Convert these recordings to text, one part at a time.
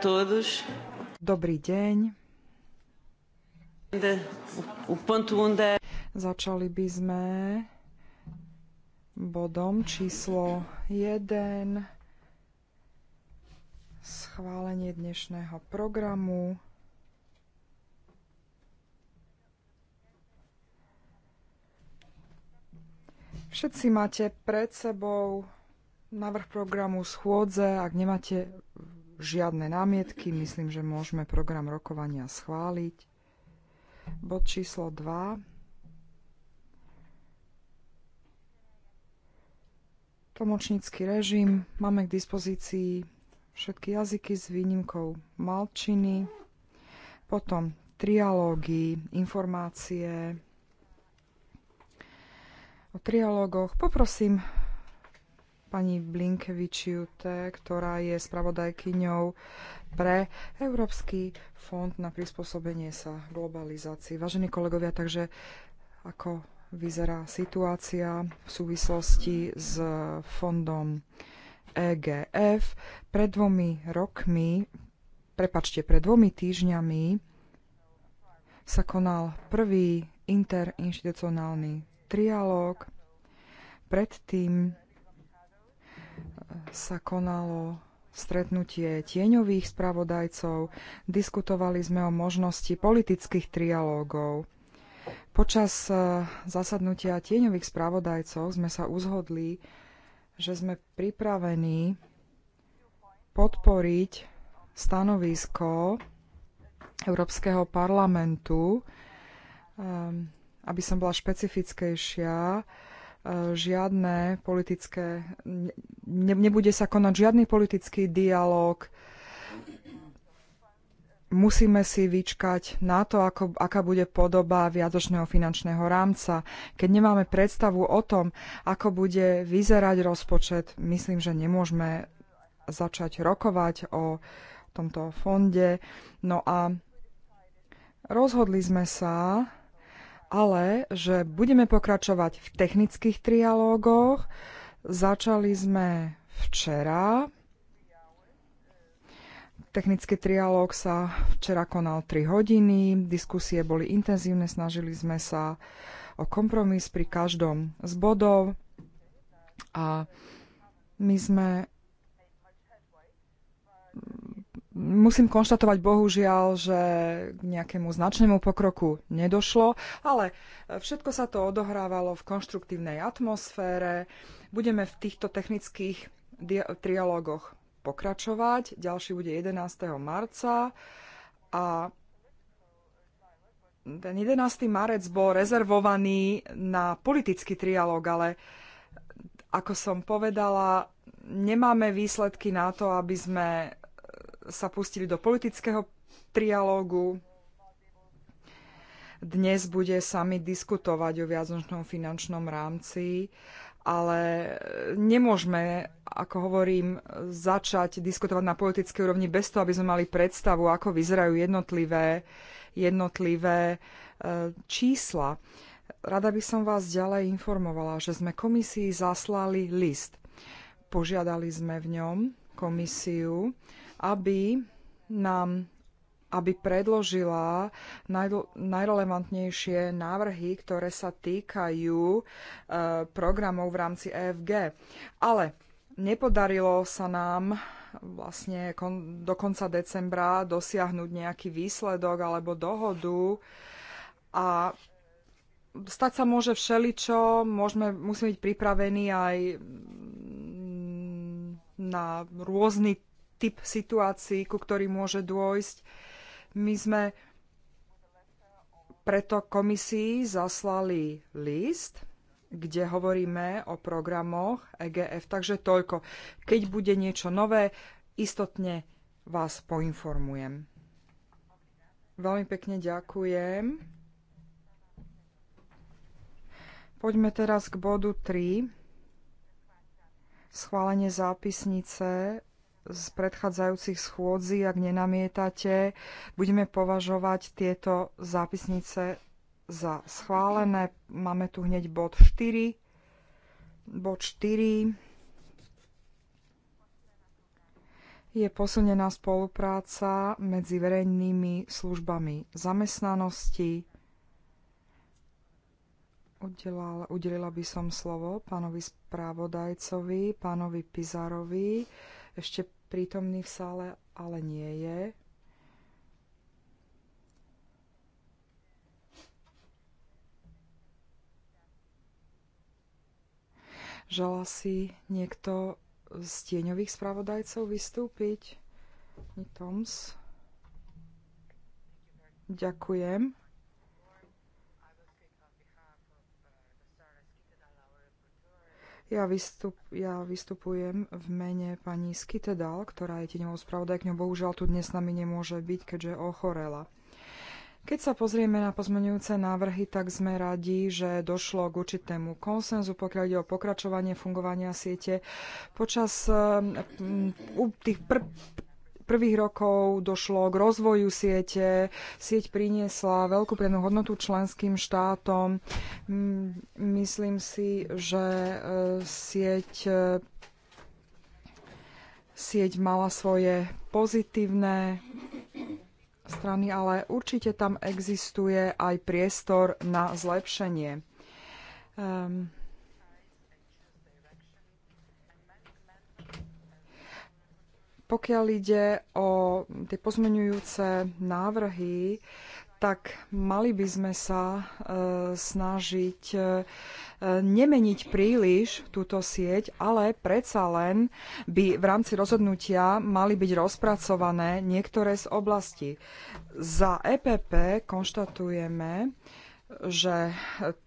todos. Dobrý deň. Začali by sme bodom číslo 1 schválenie dnešného programu. Všetci máte pred sebou návrh programu schôdze, ak nemáte žiadne námietky, myslím, že môžeme program rokovania schváliť. Bod číslo 2. Tlmočnícky režim. Máme k dispozícii všetky jazyky s výnimkou malčiny. Potom trialógy, informácie o trialógoch. Poprosím pani Blinkevičiute, ktorá je spravodajkyňou pre Európsky fond na prispôsobenie sa globalizácii. Vážení kolegovia, takže ako vyzerá situácia v súvislosti s fondom EGF. Pred dvomi rokmi, prepačte, pred dvomi týždňami sa konal prvý interinstitucionálny trialóg. Predtým sa konalo stretnutie tieňových spravodajcov, diskutovali sme o možnosti politických trialógov. Počas e, zasadnutia tieňových spravodajcov sme sa uzhodli, že sme pripravení podporiť stanovisko Európskeho parlamentu, e, aby som bola špecifickejšia, E, žiadne politické, ne, nebude sa konať žiadny politický dialog. Musíme si vyčkať na to, ako, aká bude podoba viadočného finančného rámca. Keď nemáme predstavu o tom, ako bude vyzerať rozpočet, myslím, že nemôžeme začať rokovať o tomto fonde. No a rozhodli sme sa, ale že budeme pokračovať v technických trialógoch. Začali sme včera. Technický trialóg sa včera konal 3 hodiny, diskusie boli intenzívne, snažili sme sa o kompromis pri každom z bodov a my sme Musím konštatovať bohužiaľ, že k nejakému značnému pokroku nedošlo, ale všetko sa to odohrávalo v konštruktívnej atmosfére. Budeme v týchto technických trialógoch pokračovať. Ďalší bude 11. marca a ten 11. marec bol rezervovaný na politický trialóg, ale ako som povedala, nemáme výsledky na to, aby sme sa pustili do politického trialógu. Dnes bude sami diskutovať o viacnočnom finančnom rámci, ale nemôžeme, ako hovorím, začať diskutovať na politickej úrovni bez toho, aby sme mali predstavu, ako vyzerajú jednotlivé, jednotlivé e, čísla. Rada by som vás ďalej informovala, že sme komisii zaslali list. Požiadali sme v ňom komisiu, aby nám aby predložila najrelevantnejšie návrhy, ktoré sa týkajú e, programov v rámci EFG. Ale nepodarilo sa nám vlastne do konca decembra dosiahnuť nejaký výsledok alebo dohodu a stať sa môže všeličo, môžeme, musíme byť pripravení aj na rôzny typ situácií, ku ktorým môže dôjsť. My sme preto komisii zaslali list, kde hovoríme o programoch EGF, takže toľko. Keď bude niečo nové, istotne vás poinformujem. Veľmi pekne ďakujem. Poďme teraz k bodu 3. Schválenie zápisnice z predchádzajúcich schôdzi, ak nenamietate, budeme považovať tieto zápisnice za schválené. Máme tu hneď bod 4. Bod 4 je posunená spolupráca medzi verejnými službami zamestnanosti. Udelala, udelila by som slovo pánovi správodajcovi, pánovi Pizarovi ešte prítomný v sále, ale nie je. Žala si niekto z tieňových spravodajcov vystúpiť? Toms. Ďakujem. Ja, vystup, ja vystupujem v mene pani Skitedal, ktorá je tieňovou spravodajkňou. Bohužiaľ tu dnes s nami nemôže byť, keďže ochorela. Keď sa pozrieme na pozmenujúce návrhy, tak sme radi, že došlo k určitému konsenzu, pokiaľ ide o pokračovanie fungovania siete. Počas eh, tých pr- prvých rokov došlo k rozvoju siete. Sieť priniesla veľkú prednú hodnotu členským štátom. Mm, myslím si, že e, sieť e, sieť mala svoje pozitívne strany, ale určite tam existuje aj priestor na zlepšenie. Um, Pokiaľ ide o tie pozmenujúce návrhy, tak mali by sme sa e, snažiť e, nemeniť príliš túto sieť, ale predsa len by v rámci rozhodnutia mali byť rozpracované niektoré z oblasti. Za EPP konštatujeme, že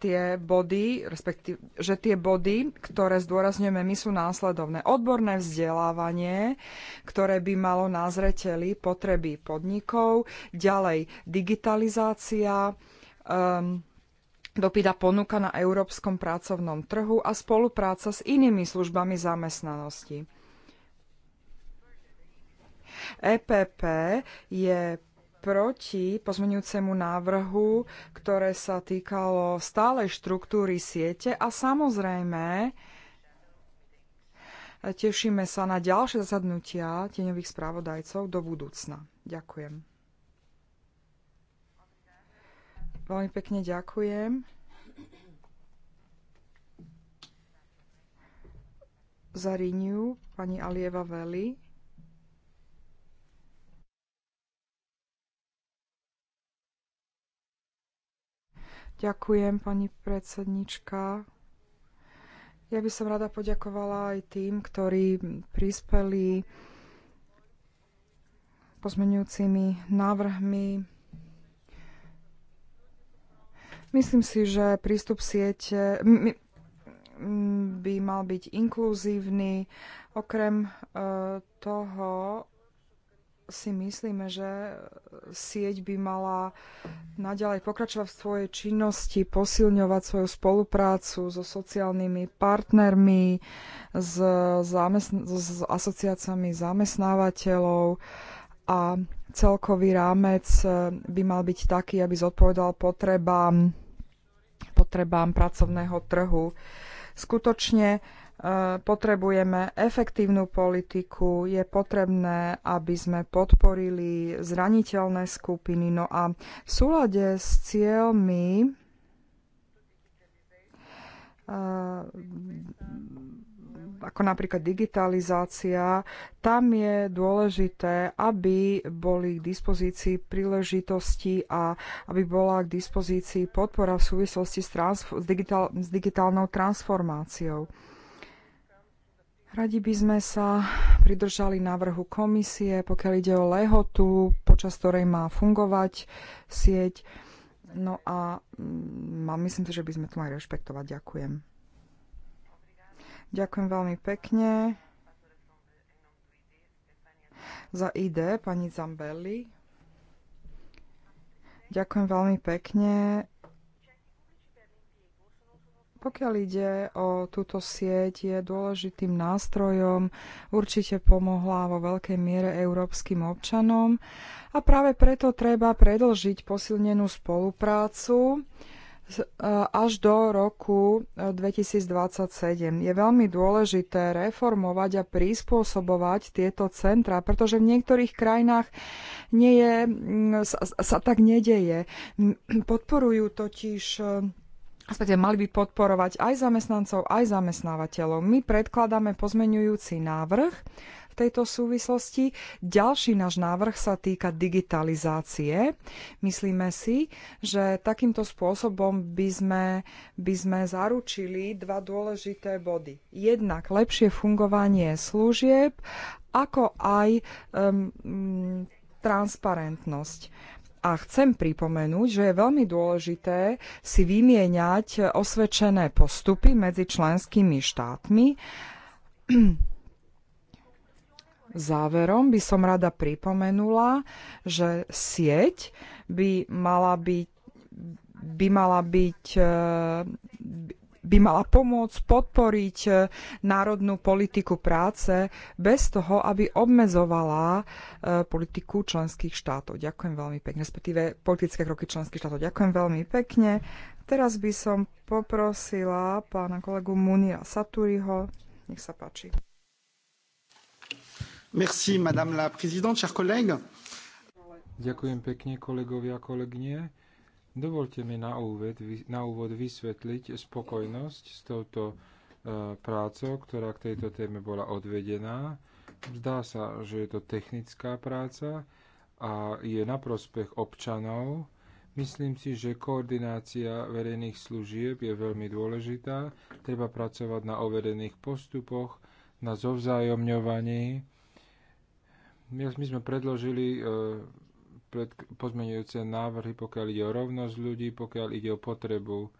tie body, respektíve, že tie body, ktoré zdôrazňujeme my, sú následovné. Odborné vzdelávanie, ktoré by malo na zreteli potreby podnikov, ďalej digitalizácia, um, dopyt ponuka na európskom pracovnom trhu a spolupráca s inými službami zamestnanosti. EPP je proti pozmenujúcemu návrhu, ktoré sa týkalo stálej štruktúry siete a samozrejme tešíme sa na ďalšie zasadnutia tieňových správodajcov do budúcna. Ďakujem. Veľmi pekne ďakujem. Za pani Alieva Veli. Ďakujem, pani predsednička. Ja by som rada poďakovala aj tým, ktorí prispeli pozmenujúcimi návrhmi. Myslím si, že prístup siete by mal byť inkluzívny. Okrem e, toho si myslíme, že sieť by mala naďalej pokračovať v svojej činnosti, posilňovať svoju spoluprácu so sociálnymi partnermi, s, zamestn- s asociáciami zamestnávateľov a celkový rámec eh, by mal byť taký, aby zodpovedal potrebám, potrebám pracovného trhu. Skutočne potrebujeme efektívnu politiku, je potrebné, aby sme podporili zraniteľné skupiny. No a v súlade s cieľmi eh, ako napríklad digitalizácia, tam je dôležité, aby boli k dispozícii príležitosti a aby bola k dispozícii podpora v súvislosti s, s, s digitálnou transformáciou. Radi by sme sa pridržali návrhu komisie, pokiaľ ide o lehotu, počas ktorej má fungovať sieť. No a mm, myslím si, že by sme to mali rešpektovať. Ďakujem. Ďakujem veľmi pekne. Za ID, pani Zambelli. Ďakujem veľmi pekne. Pokiaľ ide o túto sieť, je dôležitým nástrojom, určite pomohla vo veľkej miere európskym občanom a práve preto treba predlžiť posilnenú spoluprácu e, až do roku 2027. E, je veľmi dôležité reformovať a prispôsobovať tieto centra, pretože v niektorých krajinách nie je, sa, sa tak nedeje. Podporujú totiž e, respektíve mali by podporovať aj zamestnancov, aj zamestnávateľov. My predkladáme pozmenujúci návrh v tejto súvislosti. Ďalší náš návrh sa týka digitalizácie. Myslíme si, že takýmto spôsobom by sme, by sme zaručili dva dôležité body. Jednak lepšie fungovanie služieb, ako aj um, transparentnosť a chcem pripomenúť, že je veľmi dôležité si vymieňať osvedčené postupy medzi členskými štátmi. Záverom by som rada pripomenula, že sieť by mala byť, by mala byť eh, by mala pomôcť podporiť e, národnú politiku práce bez toho, aby obmedzovala e, politiku členských štátov. Ďakujem veľmi pekne, respektíve politické kroky členských štátov. Ďakujem veľmi pekne. Teraz by som poprosila pána kolegu Munia Saturiho. Nech sa páči. Merci, madame la présidente, chers collègues. Ďakujem pekne, kolegovia a kolegyne Dovolte mi na úvod, na úvod vysvetliť spokojnosť s touto e, prácou, ktorá k tejto téme bola odvedená. Zdá sa, že je to technická práca a je na prospech občanov. Myslím si, že koordinácia verejných služieb je veľmi dôležitá. Treba pracovať na overených postupoch, na zovzájomňovaní. My sme predložili e, pozmeňujúce návrhy, pokiaľ ide o rovnosť ľudí, pokiaľ ide o potrebu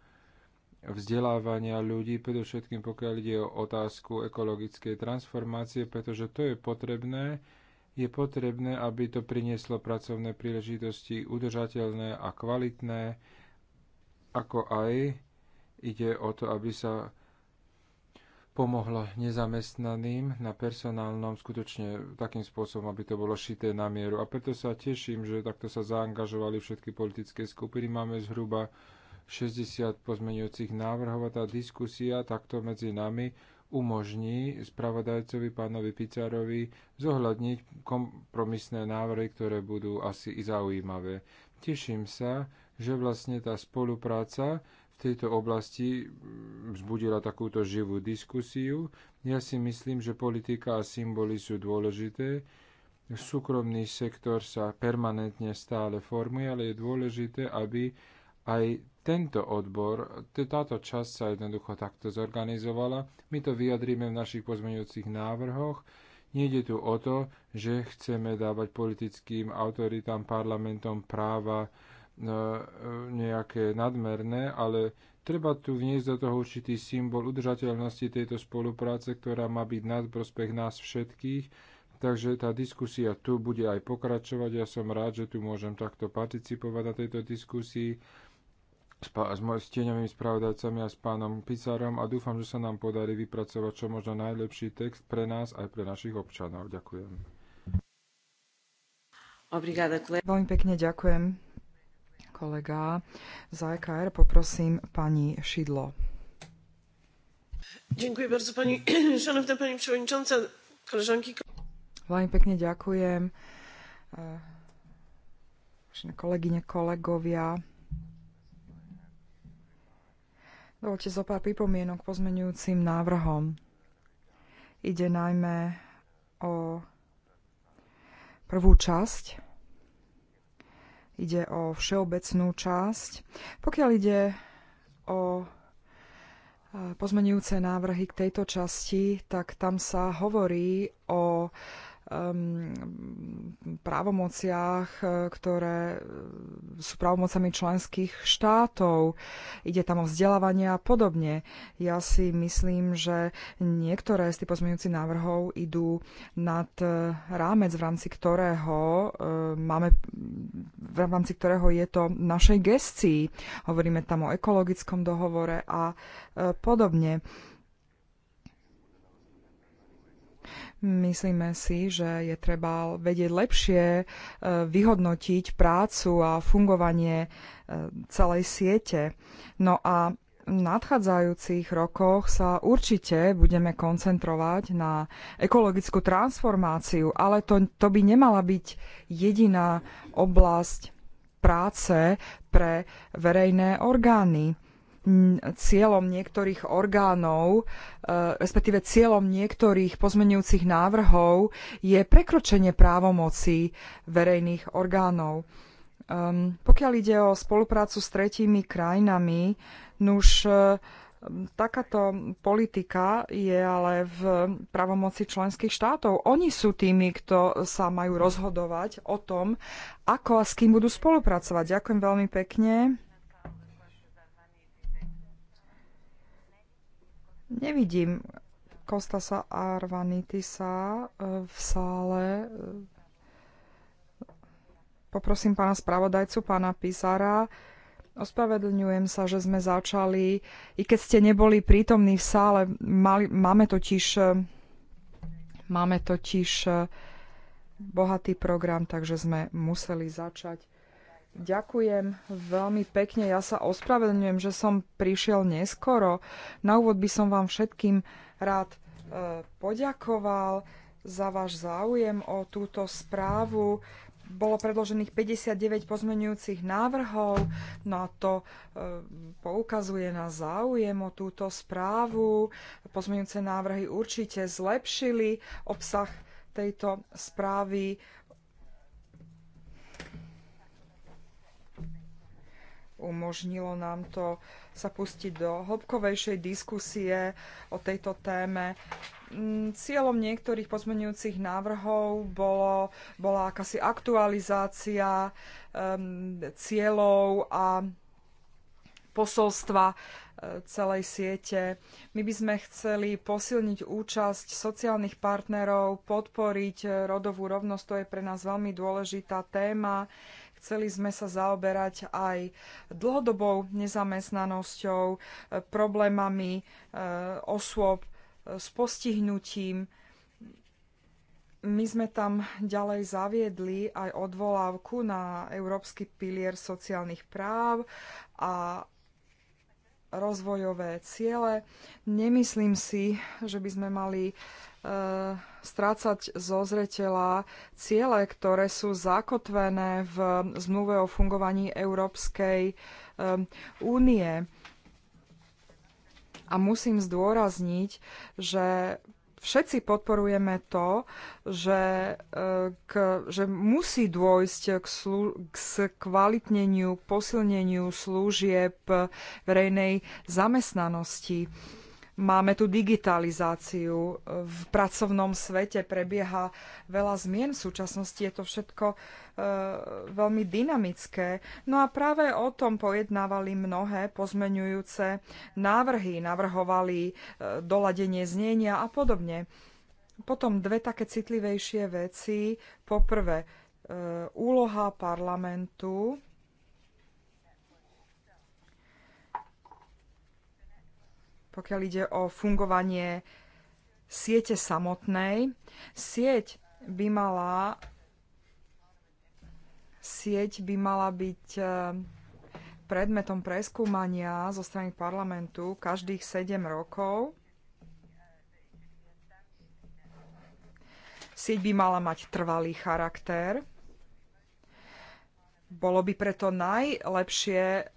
vzdelávania ľudí, predovšetkým pokiaľ ide o otázku ekologickej transformácie, pretože to je potrebné. Je potrebné, aby to prinieslo pracovné príležitosti udržateľné a kvalitné, ako aj ide o to, aby sa pomohla nezamestnaným na personálnom skutočne takým spôsobom, aby to bolo šité na mieru. A preto sa teším, že takto sa zaangažovali všetky politické skupiny. Máme zhruba 60 pozmeňujúcich návrhov a tá diskusia takto medzi nami umožní spravodajcovi pánovi Picarovi zohľadniť kompromisné návrhy, ktoré budú asi i zaujímavé. Teším sa, že vlastne tá spolupráca tejto oblasti mm, vzbudila takúto živú diskusiu. Ja si myslím, že politika a symboly sú dôležité. Súkromný sektor sa permanentne stále formuje, ale je dôležité, aby aj tento odbor, táto časť sa jednoducho takto zorganizovala. My to vyjadríme v našich pozmeňujúcich návrhoch. Nejde tu o to, že chceme dávať politickým autoritám, parlamentom práva E, nejaké nadmerné, ale treba tu vniesť do toho určitý symbol udržateľnosti tejto spolupráce, ktorá má byť nad prospech nás všetkých. Takže tá diskusia tu bude aj pokračovať. Ja som rád, že tu môžem takto participovať na tejto diskusii s, s, s tieňovými spravodajcami a s pánom Pisarom a dúfam, že sa nám podarí vypracovať čo možno najlepší text pre nás aj pre našich občanov. Ďakujem. Obrigada, Veľmi pekne ďakujem kolega za EKR. Poprosím pani Šidlo. Dziękuję bardzo pani, szanowna pani przewodnicząca, koleżanki. Veľmi pekne ďakujem. E, kolegyne, kolegovia. Dovolte zo pár pripomienok pozmenujúcim návrhom. Ide najmä o prvú časť ide o všeobecnú časť. Pokiaľ ide o e, pozmenujúce návrhy k tejto časti, tak tam sa hovorí o Um, právomociach, eh, ktoré eh, sú právomocami členských štátov. Ide tam o vzdelávanie a podobne. Ja si myslím, že niektoré z tých pozmeňujúcich návrhov idú nad eh, rámec, v rámci ktorého máme, v rámci ktorého je to našej gestii. Hovoríme tam o ekologickom dohovore a podobne. Myslíme si, že je treba vedieť lepšie e, vyhodnotiť prácu a fungovanie e, celej siete. No a v nadchádzajúcich rokoch sa určite budeme koncentrovať na ekologickú transformáciu, ale to, to by nemala byť jediná oblasť práce pre verejné orgány cieľom niektorých orgánov, e, respektíve cieľom niektorých pozmenujúcich návrhov je prekročenie právomoci verejných orgánov. Ehm, pokiaľ ide o spoluprácu s tretími krajinami, nuž e, takáto politika je ale v pravomoci členských štátov. Oni sú tými, kto sa majú rozhodovať o tom, ako a s kým budú spolupracovať. Ďakujem veľmi pekne. Nevidím Kostasa Arvanitisa e, v sále. E, poprosím pána spravodajcu, pána Pizara. Ospravedlňujem sa, že sme začali. I keď ste neboli prítomní v sále, mali, máme totiž e, máme totiž bohatý program, takže sme museli začať. Ďakujem veľmi pekne. Ja sa ospravedlňujem, že som prišiel neskoro. Na úvod by som vám všetkým rád e, poďakoval za váš záujem o túto správu. Bolo predložených 59 pozmenujúcich návrhov, no a to e, poukazuje na záujem o túto správu. Pozmenujúce návrhy určite zlepšili obsah tejto správy umožnilo nám to sa pustiť do hĺbkovejšej diskusie o tejto téme. Mm, cieľom niektorých pozmenujúcich návrhov bolo, bola akási aktualizácia um, cieľov a posolstva e, celej siete. My by sme chceli posilniť účasť sociálnych partnerov, podporiť rodovú rovnosť, to je pre nás veľmi dôležitá téma. Chceli sme sa zaoberať aj dlhodobou nezamestnanosťou, e, problémami e, osôb e, s postihnutím. My sme tam ďalej zaviedli aj odvolávku na Európsky pilier sociálnych práv a rozvojové ciele. Nemyslím si, že by sme mali E, strácať zo zreteľa ciele, ktoré sú zakotvené v zmluve o fungovaní Európskej e, únie. A musím zdôrazniť, že všetci podporujeme to, že, e, k, že musí dôjsť k, slu, k skvalitneniu, posilneniu služieb verejnej zamestnanosti Máme tu digitalizáciu. V pracovnom svete prebieha veľa zmien. V súčasnosti je to všetko e, veľmi dynamické. No a práve o tom pojednávali mnohé pozmenujúce návrhy. Navrhovali e, doladenie znenia a podobne. Potom dve také citlivejšie veci. Poprvé, e, úloha parlamentu pokiaľ ide o fungovanie siete samotnej. Sieť by mala sieť by mala byť e, predmetom preskúmania zo strany parlamentu každých 7 rokov. Sieť by mala mať trvalý charakter. Bolo by preto najlepšie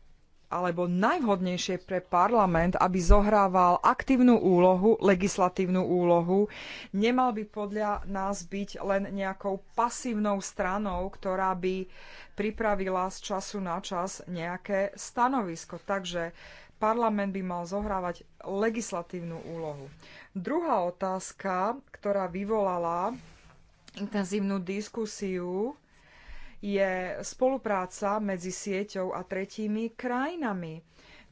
alebo najvhodnejšie pre parlament, aby zohrával aktívnu úlohu, legislatívnu úlohu, nemal by podľa nás byť len nejakou pasívnou stranou, ktorá by pripravila z času na čas nejaké stanovisko. Takže parlament by mal zohrávať legislatívnu úlohu. Druhá otázka, ktorá vyvolala intenzívnu diskusiu, je spolupráca medzi sieťou a tretími krajinami.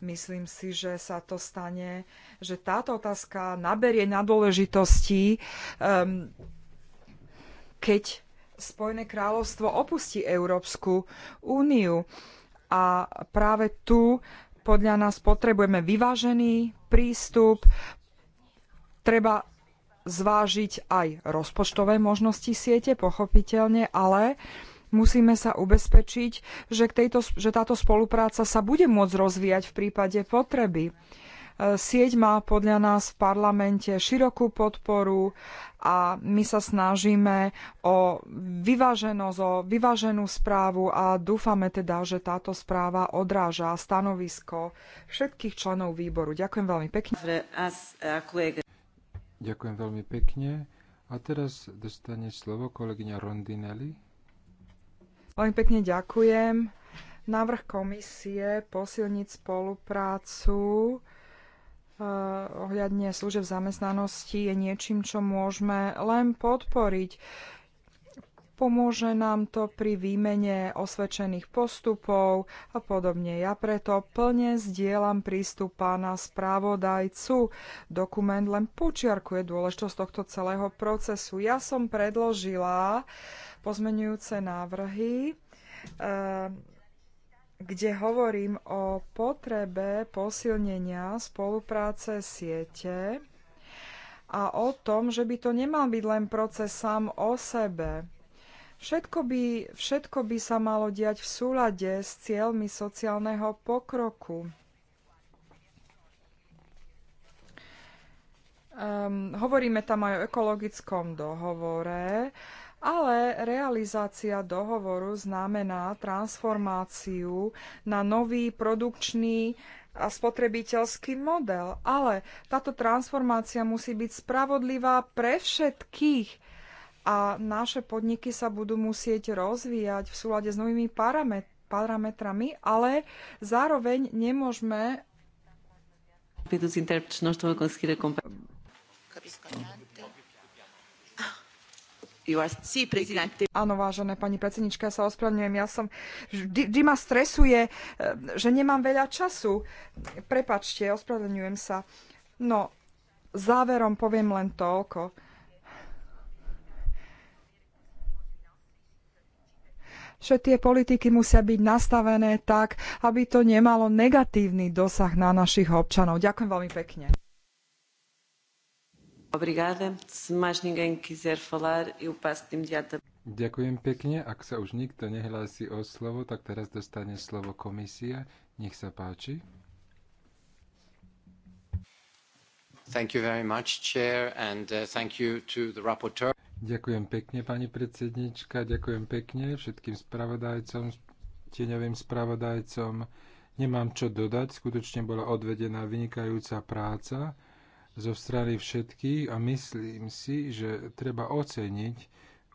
Myslím si, že sa to stane, že táto otázka naberie na dôležitosti, um, keď Spojené kráľovstvo opustí Európsku úniu. A práve tu podľa nás potrebujeme vyvážený prístup. Treba zvážiť aj rozpočtové možnosti siete, pochopiteľne, ale musíme sa ubezpečiť, že, tejto, že táto spolupráca sa bude môcť rozvíjať v prípade potreby. E, sieť má podľa nás v parlamente širokú podporu a my sa snažíme o vyváženosť, o vyváženú správu a dúfame teda, že táto správa odráža stanovisko všetkých členov výboru. Ďakujem veľmi pekne. Ďakujem veľmi pekne. A teraz dostane slovo kolegyňa Rondinelli. Veľmi pekne ďakujem. Návrh komisie posilniť spoluprácu eh, ohľadne služeb zamestnanosti je niečím, čo môžeme len podporiť. Pomôže nám to pri výmene osvedčených postupov a podobne. Ja preto plne zdieľam prístup pána správodajcu. Dokument len počiarkuje dôležitosť tohto celého procesu. Ja som predložila pozmenujúce návrhy, e, kde hovorím o potrebe posilnenia spolupráce siete a o tom, že by to nemal byť len proces sám o sebe. Všetko by, všetko by sa malo diať v súlade s cieľmi sociálneho pokroku. Um, hovoríme tam aj o ekologickom dohovore ale realizácia dohovoru znamená transformáciu na nový produkčný a spotrebiteľský model. Ale táto transformácia musí byť spravodlivá pre všetkých a naše podniky sa budú musieť rozvíjať v súlade s novými paramet- parametrami, ale zároveň nemôžeme. Áno, vážená pani predsednička, ja sa ospravedlňujem. Ja som... Vždy, vždy ma stresuje, eh, že nemám veľa času. Prepačte, ospravedlňujem sa. No, záverom poviem len toľko. že tie politiky musia byť nastavené tak, aby to nemalo negatívny dosah na našich občanov. Ďakujem veľmi pekne. Ďakujem pekne. Ak sa už nikto nehlási o slovo, tak teraz dostane slovo komisia. Nech sa páči. Thank you very much, Chair, and uh, thank you to the rapporteur. Ďakujem pekne, pani predsednička, ďakujem pekne všetkým spravodajcom, tieňovým spravodajcom. Nemám čo dodať, skutočne bola odvedená vynikajúca práca zo strany všetkých a myslím si, že treba oceniť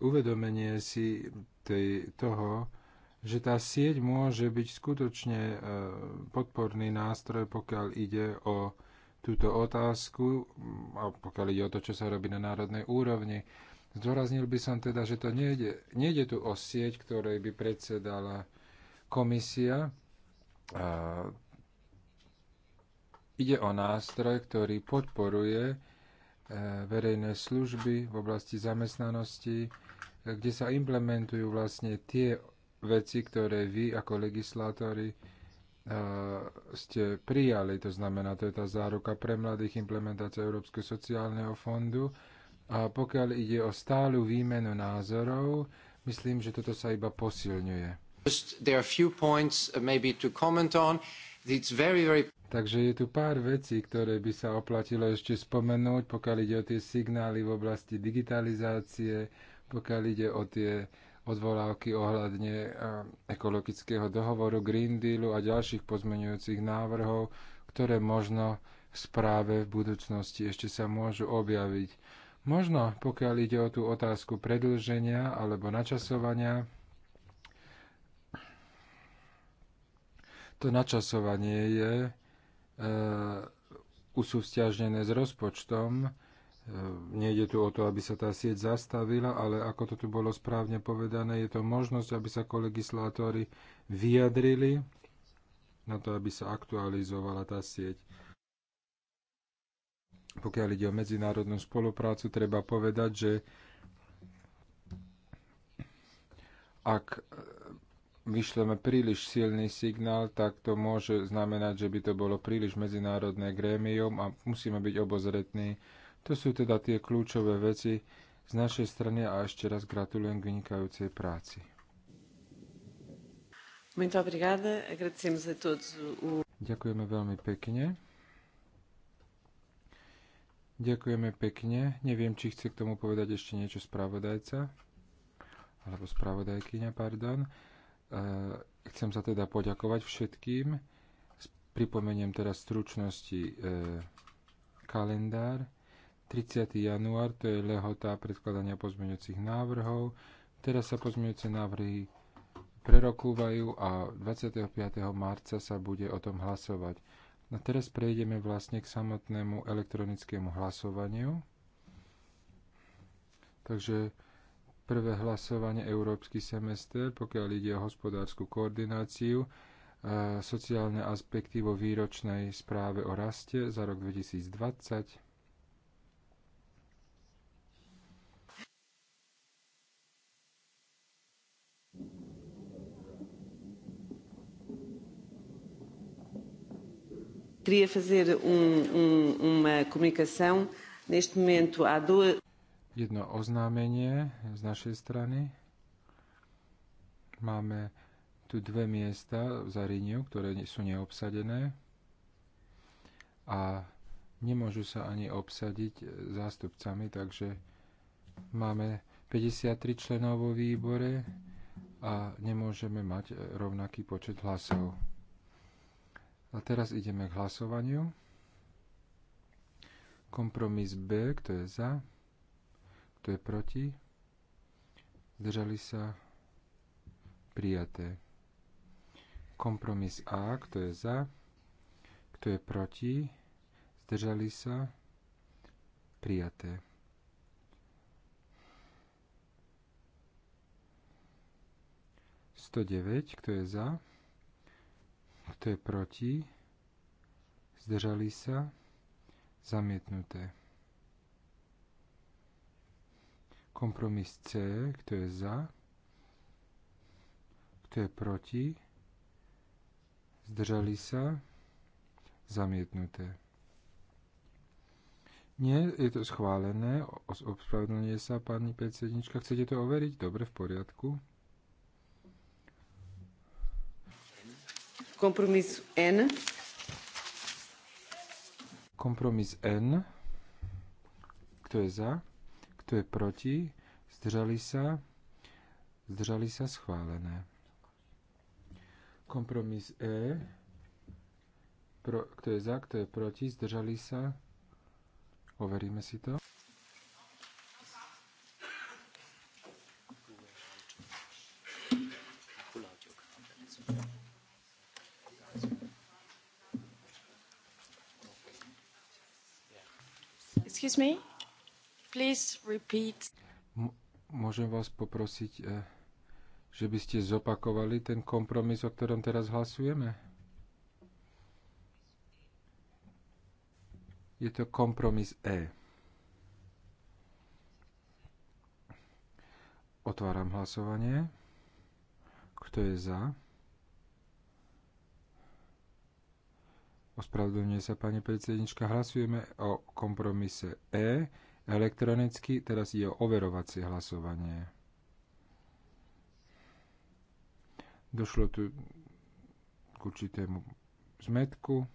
uvedomenie si tej, toho, že tá sieť môže byť skutočne e, podporný nástroj, pokiaľ ide o túto otázku a pokiaľ ide o to, čo sa robí na národnej úrovni. Zdôraznil by som teda, že to nejde, nejde tu o sieť, ktorej by predsedala komisia. A Ide o nástroj, ktorý podporuje e, verejné služby v oblasti zamestnanosti, e, kde sa implementujú vlastne tie veci, ktoré vy ako legislátori e, ste prijali. To znamená, to je tá záruka pre mladých, implementácia Európskeho sociálneho fondu. A pokiaľ ide o stálu výmenu názorov, myslím, že toto sa iba posilňuje. Just, there are few points uh, maybe to comment on. It's very, very... Takže je tu pár vecí, ktoré by sa oplatilo ešte spomenúť, pokiaľ ide o tie signály v oblasti digitalizácie, pokiaľ ide o tie odvolávky ohľadne ekologického dohovoru Green Dealu a ďalších pozmenujúcich návrhov, ktoré možno v správe v budúcnosti ešte sa môžu objaviť. Možno, pokiaľ ide o tú otázku predlženia alebo načasovania, to načasovanie je E, usústiažnené s rozpočtom. E, nejde tu o to, aby sa tá sieť zastavila, ale ako to tu bolo správne povedané, je to možnosť, aby sa kolegislátori vyjadrili na to, aby sa aktualizovala tá sieť. Pokiaľ ide o medzinárodnú spoluprácu, treba povedať, že ak vyšleme príliš silný signál, tak to môže znamenať, že by to bolo príliš medzinárodné grémium a musíme byť obozretní. To sú teda tie kľúčové veci z našej strany a ešte raz gratulujem k vynikajúcej práci. Ďakujeme veľmi pekne. Ďakujeme pekne. Neviem, či chce k tomu povedať ešte niečo spravodajca alebo spravodajkyňa, pardon. Eh, chcem sa teda poďakovať všetkým. Pripomeniem teraz stručnosti eh, kalendár. 30. január to je lehota predkladania pozmeňujúcich návrhov. Teraz sa pozmeňujúce návrhy prerokúvajú a 25. marca sa bude o tom hlasovať. No teraz prejdeme vlastne k samotnému elektronickému hlasovaniu. Takže prvé hlasovanie Európsky semester, pokiaľ ide o hospodárskú koordináciu, sociálne aspekty vo výročnej správe o raste za rok 2020. Queria fazer um, um, uma comunicação. Neste momento há duas jedno oznámenie z našej strany. Máme tu dve miesta za Ríniu, ktoré sú neobsadené a nemôžu sa ani obsadiť e, zástupcami, takže máme 53 členov vo výbore a nemôžeme mať e, rovnaký počet hlasov. A teraz ideme k hlasovaniu. Kompromis B, kto je za, kto je proti? Zdržali sa? Prijaté. Kompromis A. Kto je za? Kto je proti? Zdržali sa? Prijaté. Sto deväť. Kto je za? Kto je proti? Zdržali sa? Zamietnuté. Kompromis C, kto je za, kto je proti, zdržali sa, zamietnuté. Nie, je to schválené, obspravedlňuje sa pani predsednička. Chcete to overiť? Dobre, v poriadku. Kompromis N. Kompromis N. Kto je za? Kto je proti? Zdržali sa? Zdržali sa schválené. Kompromis E. Pro, kto je za, kto je proti? Zdržali sa? Overíme si to. Excuse me? môžem vás poprosiť, eh, že by ste zopakovali ten kompromis, o ktorom teraz hlasujeme? Je to kompromis E. Otváram hlasovanie. Kto je za? Ospravedlňuje sa pani predsednička. Hlasujeme o kompromise E elektronicky. Teraz je o overovacie hlasovanie. Došlo tu k určitému zmetku.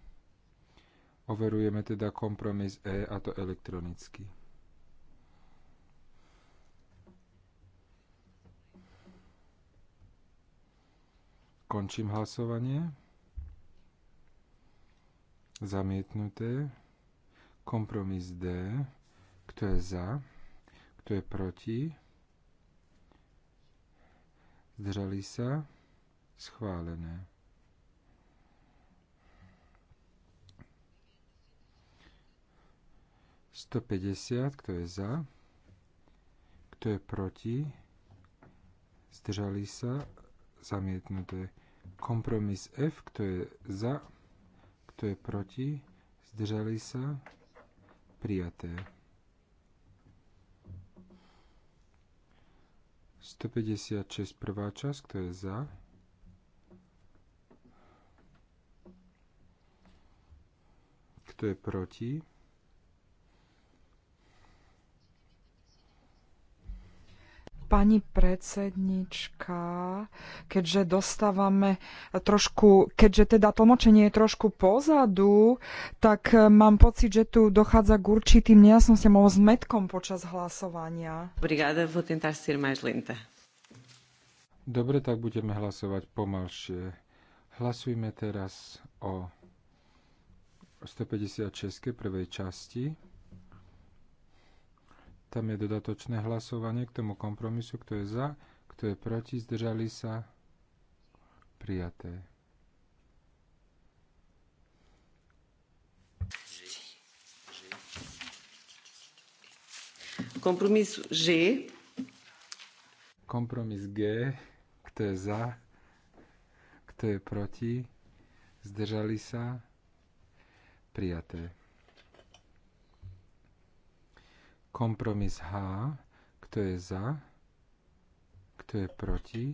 Overujeme teda kompromis E a to elektronicky. Končím hlasovanie. Zamietnuté. Kompromis D. Kto je za? Kto je proti? Zdržali sa? Schválené. Sto päťdesiat, kto je za? Kto je proti? Zdržali sa? Zamietnuté. Kompromis F, kto je za? Kto je proti? Zdržali sa? Prijaté. 156 prvá časť, kto je za? Kto je proti? Pani predsednička, keďže dostávame trošku, keďže teda tlmočenie je trošku pozadu, tak e, mám pocit, že tu dochádza k určitým nejasnostiam alebo zmetkom počas hlasovania. Obrigada, vou tentar ser mais lenta. Dobre, tak budeme hlasovať pomalšie. Hlasujme teraz o 156. prvej časti. Tam je dodatočné hlasovanie k tomu kompromisu, kto je za, kto je proti, zdržali sa, prijaté. Kompromis G. Kompromis G. Kto je za? Kto je proti? Zdržali sa? Prijaté. Kompromis H, kto je za, kto je proti,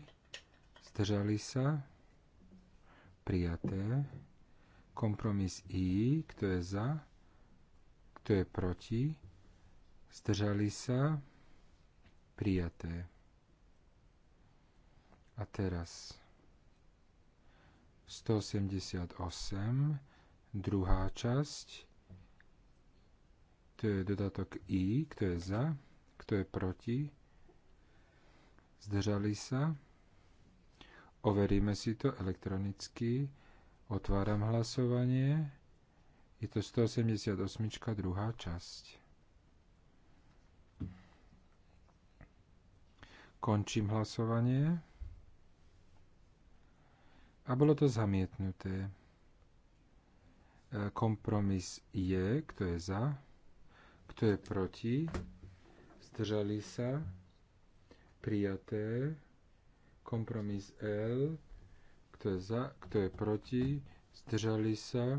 zdržali sa, prijaté. Kompromis I, kto je za, kto je proti, zdržali sa, prijaté. A teraz 188, druhá časť, to je dodatok I, kto je za, kto je proti. Zdržali sa. Overíme si to elektronicky. Otváram hlasovanie. Je to 188. druhá časť. Končím hlasovanie. A bolo to zamietnuté. E, kompromis je, kto je za, kto je proti? Zdržali sa? Prijaté. Kompromis L. Kto je za? Kto je proti? Zdržali sa?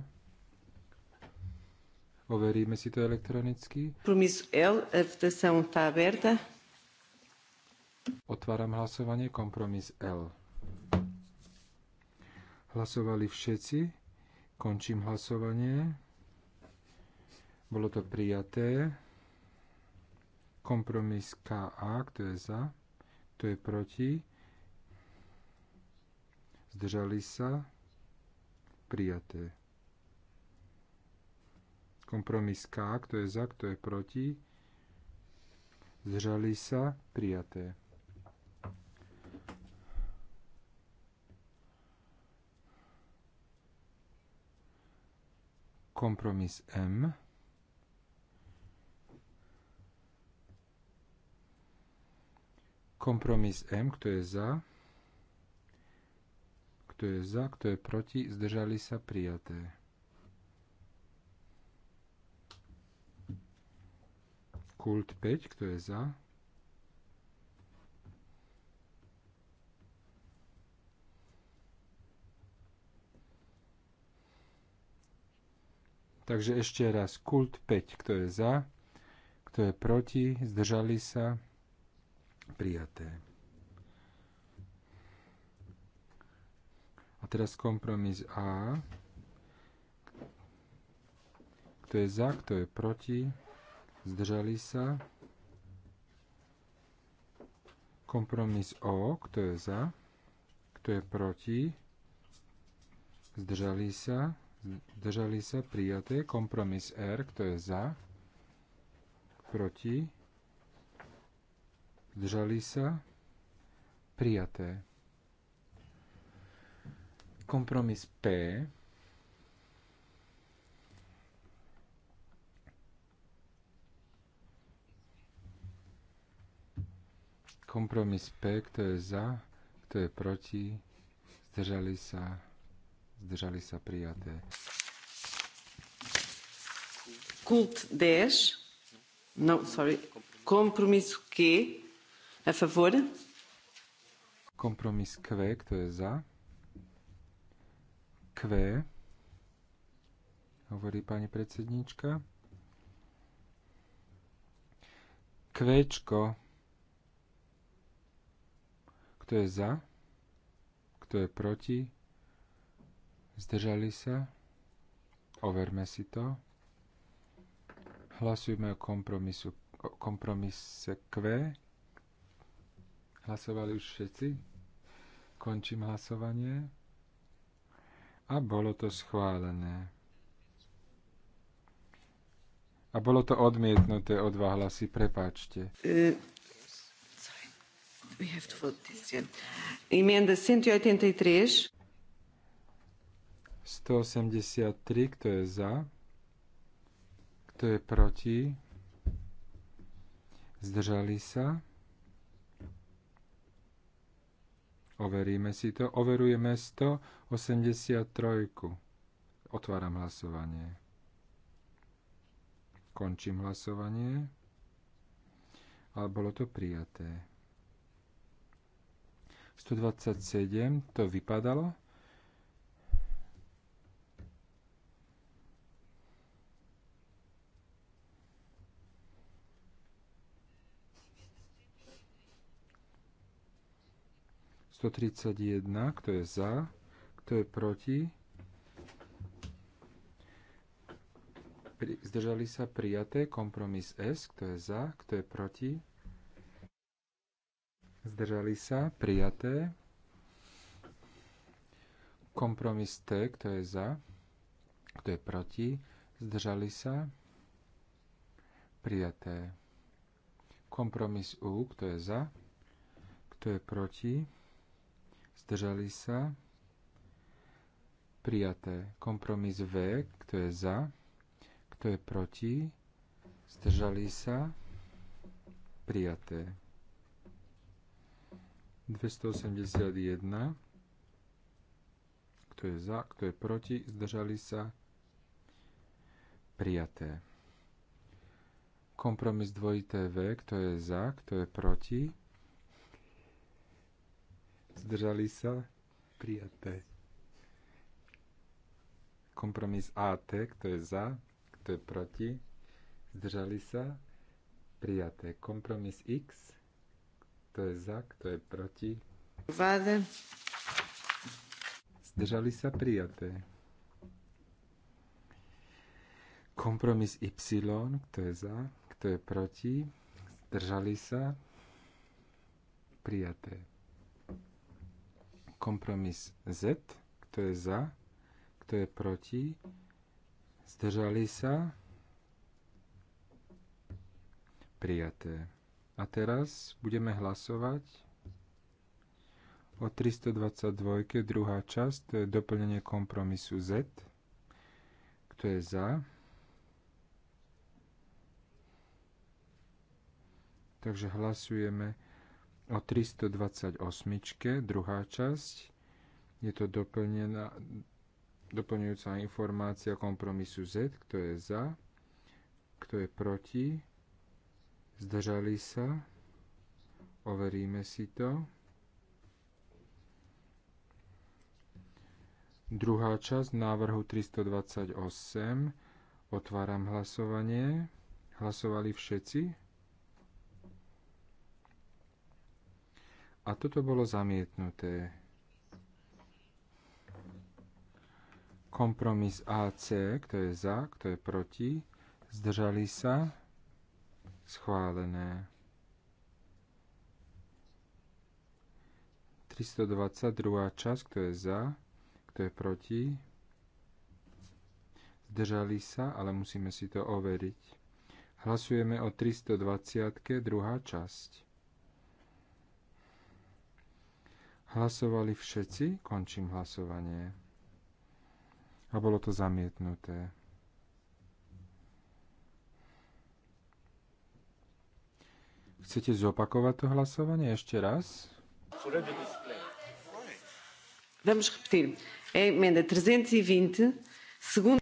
Overíme si to elektronicky. Kompromis L. Votação Otváram hlasovanie. Kompromis L. Hlasovali všetci. Končím hlasovanie. Bolo to prijaté. Kompromis KA, kto je za, kto je proti. Zdržali sa. Prijaté. Kompromis K, kto je za, kto je proti. Zdržali sa. Prijaté. kompromis M. Kompromis M, kto je za, kto je za, kto je proti, zdržali sa prijaté. Kult 5, kto je za, Takže ešte raz, kult 5, kto je za, kto je proti, zdržali sa, prijaté. A teraz kompromis A. Kto je za, kto je proti, zdržali sa. Kompromis O, kto je za, kto je proti, zdržali sa, zdržali sa, prijaté. Kompromis R, kto je za, proti, Držali sa? Prijaté. Kompromis P. Kompromis P, kto je za, kto je proti, zdržali sa, zdržali sa prijaté. Kult 10, no sorry, kompromis K, verwurde? Kompromis Q, kto je za? Q, hovorí pani predsednička. Kvečko. Kto je za? Kto je proti? Zdržali sa? Overme si to. Hlasujme o kompromisu, o kompromise Q. Hlasovali už všetci? Končím hlasovanie. A bolo to schválené. A bolo to odmietnuté o dva hlasy, prepáčte. Imienda 183. 183, kto je za, kto je proti, zdržali sa. Overíme si to. Overujeme 183. Otváram hlasovanie. Končím hlasovanie. Ale bolo to prijaté. 127, to vypadalo. 131, kto je za, kto je proti. zdržali sa prijaté. Kompromis S, kto je za, kto je proti. Zdržali sa prijaté. Kompromis T, kto je za, kto je proti. Zdržali sa prijaté. Kompromis U, kto je za, kto je proti zdržali sa, prijaté. Kompromis V, kto je za, kto je proti, zdržali sa, prijaté. 281, kto je za, kto je proti, zdržali sa, prijaté. Kompromis dvojité V, kto je za, kto je proti, zdržali sa, prijaté. Kompromis AT, kto je za, kto je proti, zdržali sa, prijaté. Kompromis X, kto je za, kto je proti, Váde. Zdržali sa prijaté. Kompromis Y, kto je za, kto je proti, zdržali sa prijaté. Kompromis Z, kto je za, kto je proti, zdržali sa, prijaté. A teraz budeme hlasovať o 322, druhá časť, to je doplnenie kompromisu Z. Kto je za? Takže hlasujeme o 328, druhá časť. Je to doplnená, doplňujúca informácia kompromisu Z, kto je za, kto je proti, zdržali sa, overíme si to. Druhá časť návrhu 328. Otváram hlasovanie. Hlasovali všetci? A toto bolo zamietnuté. Kompromis AC, kto je za, kto je proti, zdržali sa, schválené. 322. časť, kto je za, kto je proti, zdržali sa, ale musíme si to overiť. Hlasujeme o 320. druhá časť. Hlasovali všetci? Končím hlasovanie. A bolo to zamietnuté. Chcete zopakovať to hlasovanie ešte raz? Vamos repetir. emenda 320, e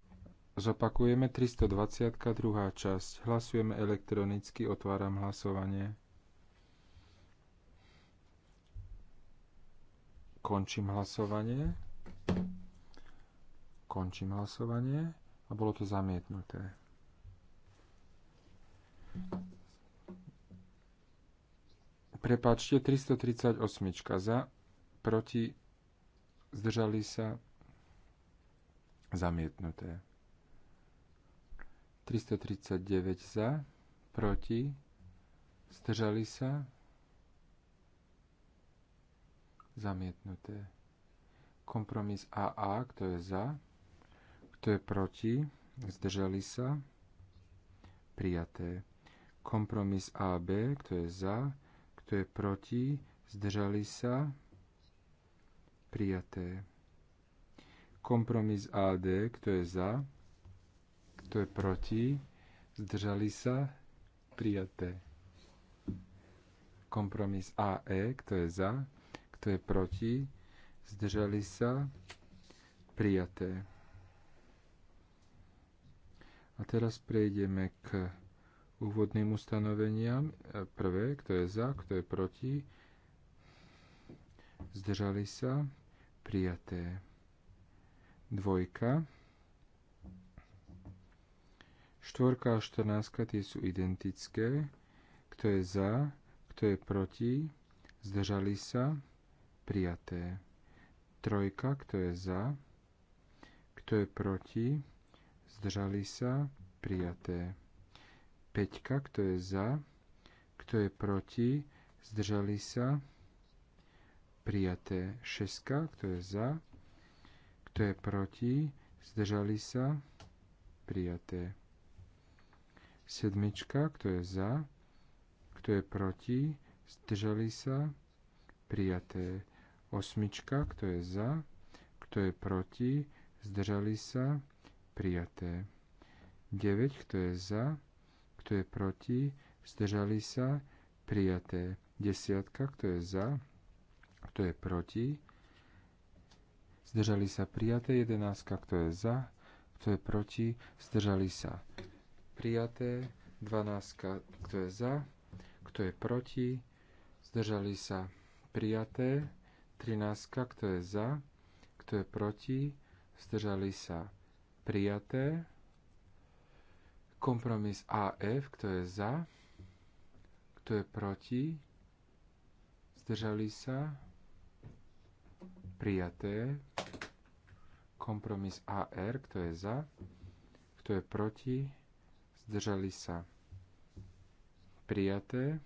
Zopakujeme 320, druhá časť. Hlasujeme elektronicky, otváram hlasovanie. Končím hlasovanie. Končím hlasovanie. A bolo to zamietnuté. Prepačte, 338 za, proti, zdržali sa, zamietnuté. 339 za, proti, zdržali sa, zamietnuté. Kompromis AA, kto je za, kto je proti, zdržali sa, prijaté. Kompromis AB, kto je za, kto je proti, zdržali sa, prijaté. Kompromis AD, kto je za, kto je proti, zdržali sa, prijaté. Kompromis AE, kto je za, kto je proti, zdržali sa, prijaté. A teraz prejdeme k úvodným ustanoveniam. Prvé, kto je za, kto je proti, zdržali sa, prijaté. Dvojka. Štvorka a štrnáctka, tie sú identické. Kto je za, kto je proti, zdržali sa, prijaté prijaté. Trojka, kto je za, kto je proti, zdržali sa, prijaté. Peťka, kto je za, kto je proti, zdržali sa, prijaté. Šeska, kto je za, kto je proti, zdržali sa, prijaté. Sedmička, kto je za, kto je proti, zdržali sa, prijaté. Osmička, kto je za, kto je proti, zdržali sa, prijaté. 9, kto je za, kto je proti, zdržali sa, prijaté. Desiatka, kto je za, kto je proti, zdržali sa, prijaté. Jedenáctka, kto je za, kto je proti, zdržali sa, prijaté. Dvanáctka, kto je za, kto je proti, zdržali sa, prijaté. 13, kto je za, kto je proti, zdržali sa prijaté. Kompromis AF, kto je za, kto je proti, zdržali sa prijaté. Kompromis AR, kto je za, kto je proti, zdržali sa prijaté.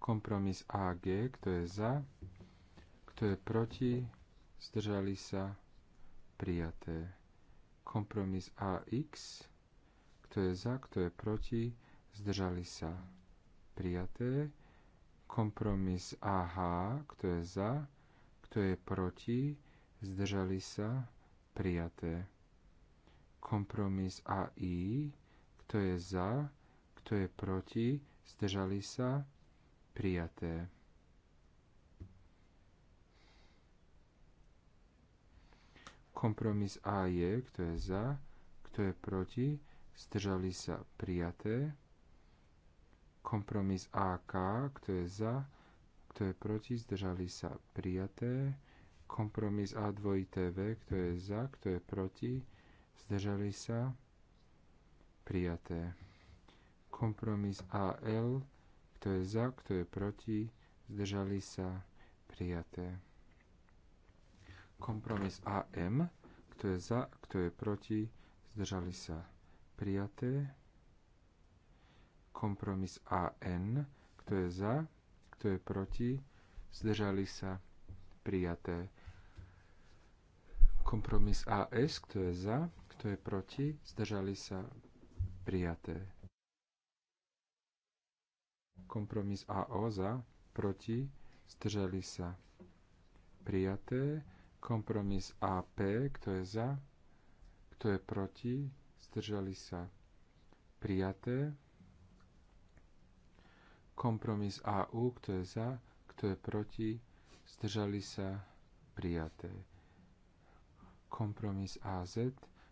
Kompromis AG, kto je za, kto je proti, zdržali sa, prijaté. Kompromis AX, kto je za, kto je proti, zdržali sa, prijaté. Kompromis AH, kto je za, kto je proti, zdržali sa, prijaté. Kompromis AI, kto je za, kto je proti, zdržali sa, prijaté prijaté. Kompromis A je, kto je za, kto je proti, zdržali sa prijaté. Kompromis AK, kto je za, kto je proti, zdržali sa prijaté. Kompromis A2TV, kto je za, kto je proti, zdržali sa prijaté. Kompromis AL, kto je za, kto je proti, zdržali sa prijaté. Kompromis AM. Kto je za, kto je proti, zdržali sa prijaté. Kompromis AN. Kto je za, kto je proti, zdržali sa prijaté. Kompromis AS. Kto je za, kto je proti, zdržali sa prijaté Kompromis AO za, proti, zdržali sa prijaté. Kompromis AP, kto je za, kto je proti, zdržali sa prijaté. Kompromis AU, kto je za, kto je proti, zdržali sa prijaté. Kompromis AZ,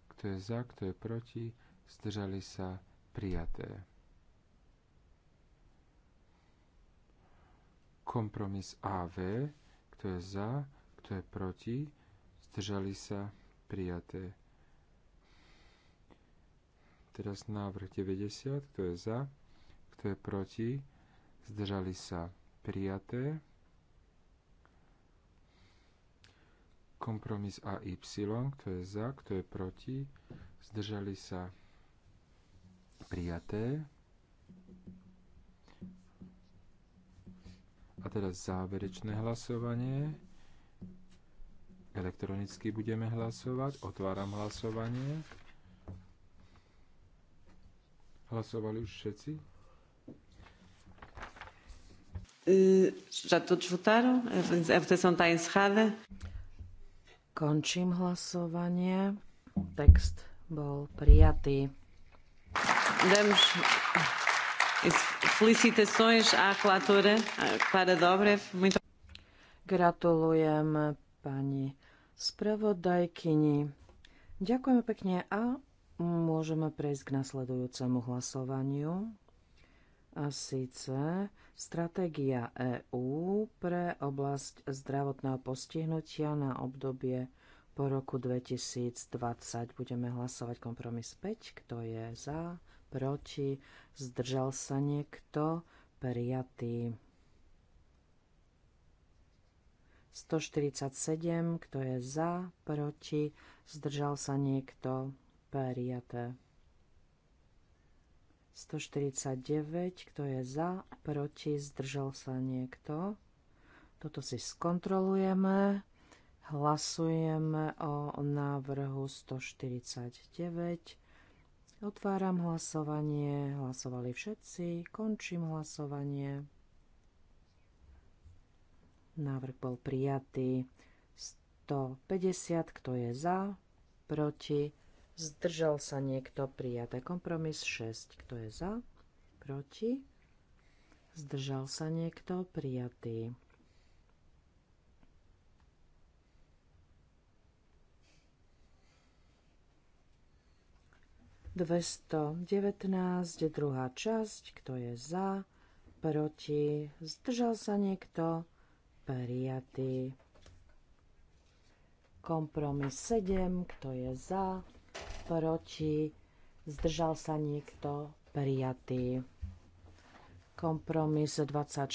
kto je za, kto je proti, zdržali sa prijaté. Kompromis AV, kto je za, kto je proti, zdržali sa, prijaté. Teraz návrh 90, kto je za, kto je proti, zdržali sa, prijaté. kompromis AY, kto je za, kto je proti, zdržali sa prijaté. A teraz záverečné hlasovanie. Elektronicky budeme hlasovať. Otváram hlasovanie. Hlasovali už všetci? Já todos votaram? A votação está encerrada? Končím hlasovanie. Text bol prijatý. Demos... Felicitações à Clara Dobrev. Muito... Gratulujem pani spravodajkyni. Ďakujeme pekne a môžeme prejsť k nasledujúcemu hlasovaniu. A síce stratégia EÚ pre oblasť zdravotného postihnutia na obdobie po roku 2020. Budeme hlasovať kompromis 5. Kto je za? proti, zdržal sa niekto, prijatý. 147, kto je za, proti, zdržal sa niekto, prijaté. 149, kto je za, proti, zdržal sa niekto. Toto si skontrolujeme. Hlasujeme o návrhu 149. Otváram hlasovanie. Hlasovali všetci. Končím hlasovanie. Návrh bol prijatý. 150, kto je za, proti, zdržal sa niekto, prijaté. Kompromis 6, kto je za, proti, zdržal sa niekto, prijatý. 219, druhá časť, kto je za, proti, zdržal sa niekto, prijatý. Kompromis 7, kto je za, proti, zdržal sa niekto, prijatý. Kompromis 24,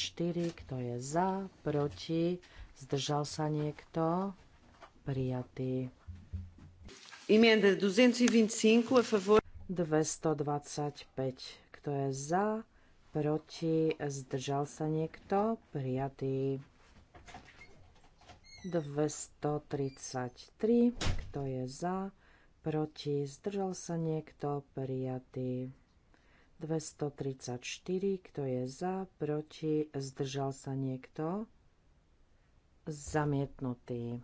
kto je za, proti, zdržal sa niekto, prijatý. Emenda 225 e e a favor 225. Kto je za? Proti? Zdržal sa niekto? Prijatý. 233. Kto je za? Proti? Zdržal sa niekto? Prijatý. 234. Kto je za? Proti? Zdržal sa niekto? Zamietnutý.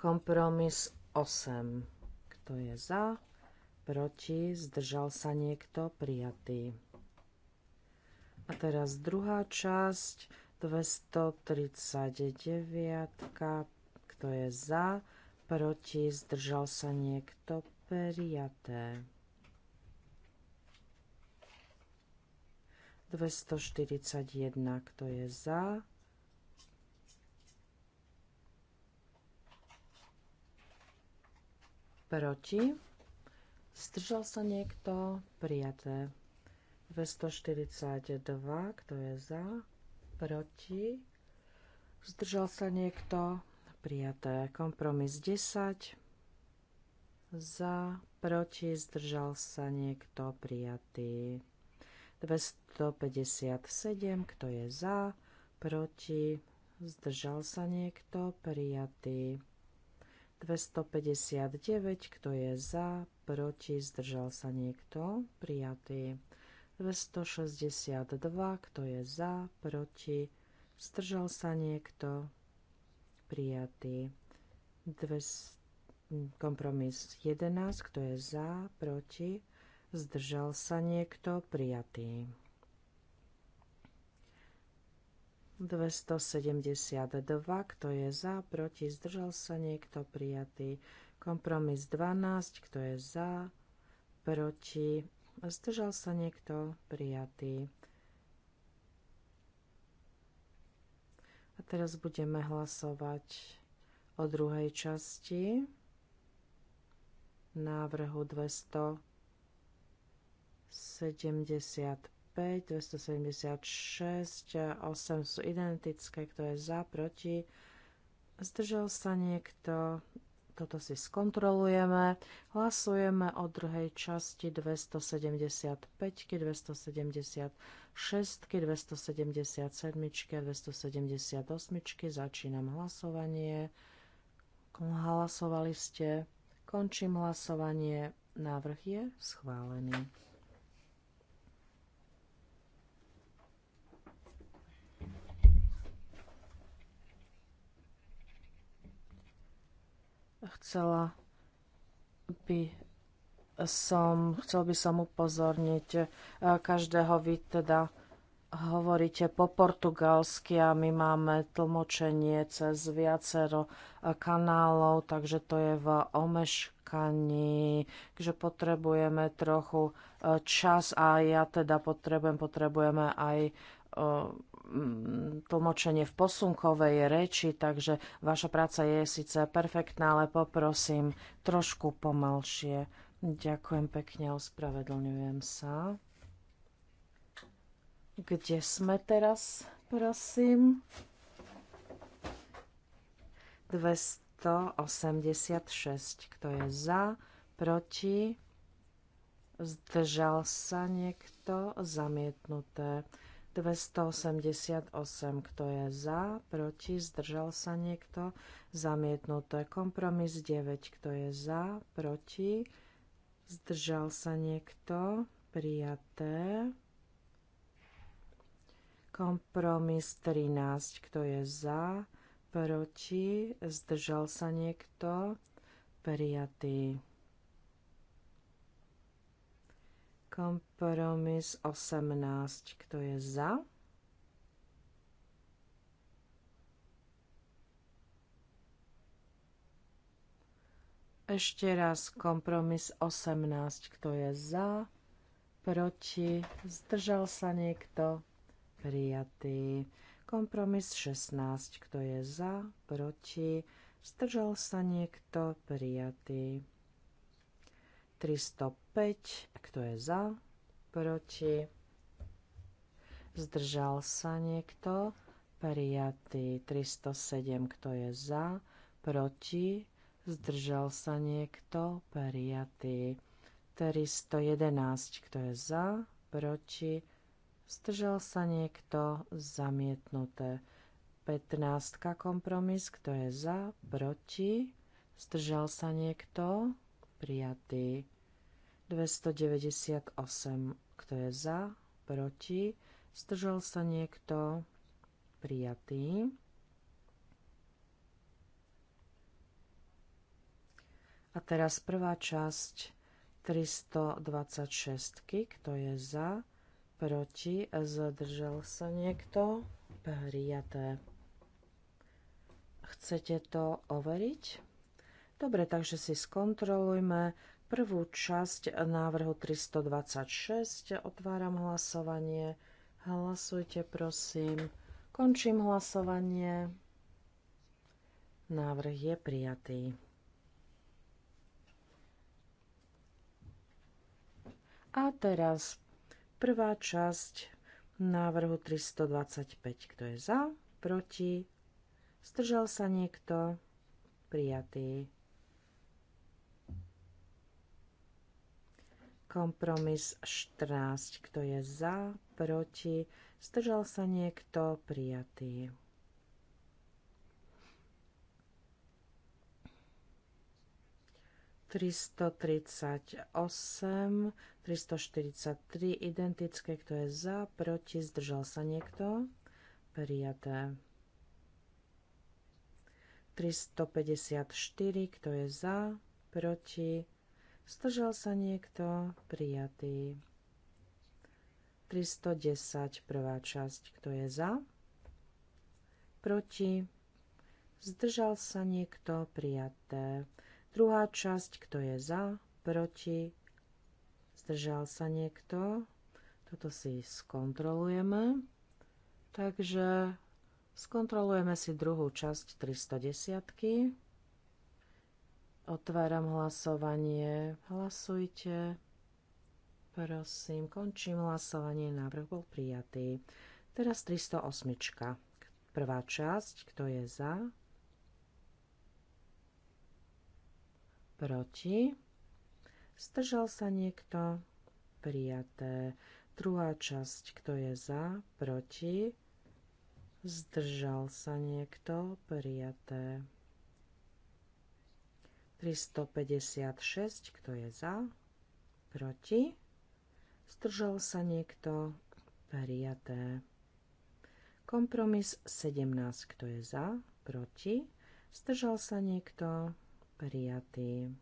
Kompromis 8. Kto je za? Proti? Zdržal sa niekto? Prijatý. A teraz druhá časť. 239. Kto je za? Proti? Zdržal sa niekto? Prijaté. 241. Kto je za? Proti? Zdržal sa niekto? Prijaté. 242, kto je za? Proti? Zdržal sa niekto? Prijaté. Kompromis 10. Za, proti, zdržal sa niekto? Prijatý. 257, kto je za? Proti? Zdržal sa niekto? Prijatý. 259, kto je za, proti, zdržal sa niekto, prijatý. 262, kto je za, proti, zdržal sa niekto, prijatý. kompromis 11, kto je za, proti, zdržal sa niekto, prijatý. 272, kto je za, proti, zdržal sa niekto, prijatý. Kompromis 12, kto je za, proti, zdržal sa niekto, prijatý. A teraz budeme hlasovať o druhej časti návrhu 275. 276, 8 sú identické, kto je za, proti. Zdržal sa niekto? Toto si skontrolujeme. Hlasujeme o druhej časti 275, 276, 277, 278. Začínam hlasovanie. Hlasovali ste. Končím hlasovanie. Návrh je schválený. Chcela by som, chcel by som upozorniť e, každého, vy teda hovoríte po portugalsky a my máme tlmočenie cez viacero e, kanálov, takže to je v omeškaní, takže potrebujeme trochu e, čas a ja teda potrebujem, potrebujeme aj Mm, tlmočenie v posunkovej reči, takže vaša práca je síce perfektná, ale poprosím trošku pomalšie. Ďakujem pekne, ospravedlňujem sa. Kde sme teraz, prosím? 286. Kto je za? Proti? Zdržal sa niekto? Zamietnuté. 288, kto je za, proti, zdržal sa niekto, zamietnuté. Kompromis 9, kto je za, proti, zdržal sa niekto, prijaté. Kompromis 13, kto je za, proti, zdržal sa niekto, prijatý. Kompromis 18. Kto je za? Ešte raz kompromis 18. Kto je za? Proti? Zdržal sa niekto? Prijatý. Kompromis 16. Kto je za? Proti? Zdržal sa niekto? Prijatý. 305. 5. Kto je za? Proti? Zdržal sa niekto? Prijatý. 307. Kto je za? Proti? Zdržal sa niekto? Prijatý. 311. Kto je za? Proti? Zdržal sa niekto? Zamietnuté. 15. Kompromis. Kto je za? Proti? Zdržal sa niekto? Prijatý. 298. Kto je za? Proti? Zdržal sa niekto? Prijatý. A teraz prvá časť 326. Kto je za? Proti? Zdržal sa niekto? Prijaté. Chcete to overiť? Dobre, takže si skontrolujme prvú časť návrhu 326. Otváram hlasovanie. Hlasujte, prosím. Končím hlasovanie. Návrh je prijatý. A teraz prvá časť návrhu 325. Kto je za? Proti? Zdržal sa niekto? Prijatý. Kompromis 14. Kto je za, proti, zdržal sa niekto, prijatý. Tristo tridsať osem, tristo štyridsať tri, identické, kto je za, proti, zdržal sa niekto, prijaté. 354, kto je za, proti, Zdržal sa niekto? Prijatý. 310, prvá časť. Kto je za? Proti? Zdržal sa niekto? Prijaté. Druhá časť. Kto je za? Proti? Zdržal sa niekto? Toto si skontrolujeme. Takže skontrolujeme si druhú časť 310. -ky. Otváram hlasovanie. Hlasujte. Prosím, končím hlasovanie. Návrh bol prijatý. Teraz 308. Prvá časť. Kto je za? Proti? Zdržal sa niekto? Prijaté. Druhá časť. Kto je za? Proti? Zdržal sa niekto? Prijaté. 356, kto je za, proti, zdržal sa niekto, prijaté. Kompromis 17, kto je za, proti, zdržal sa niekto, prijatý.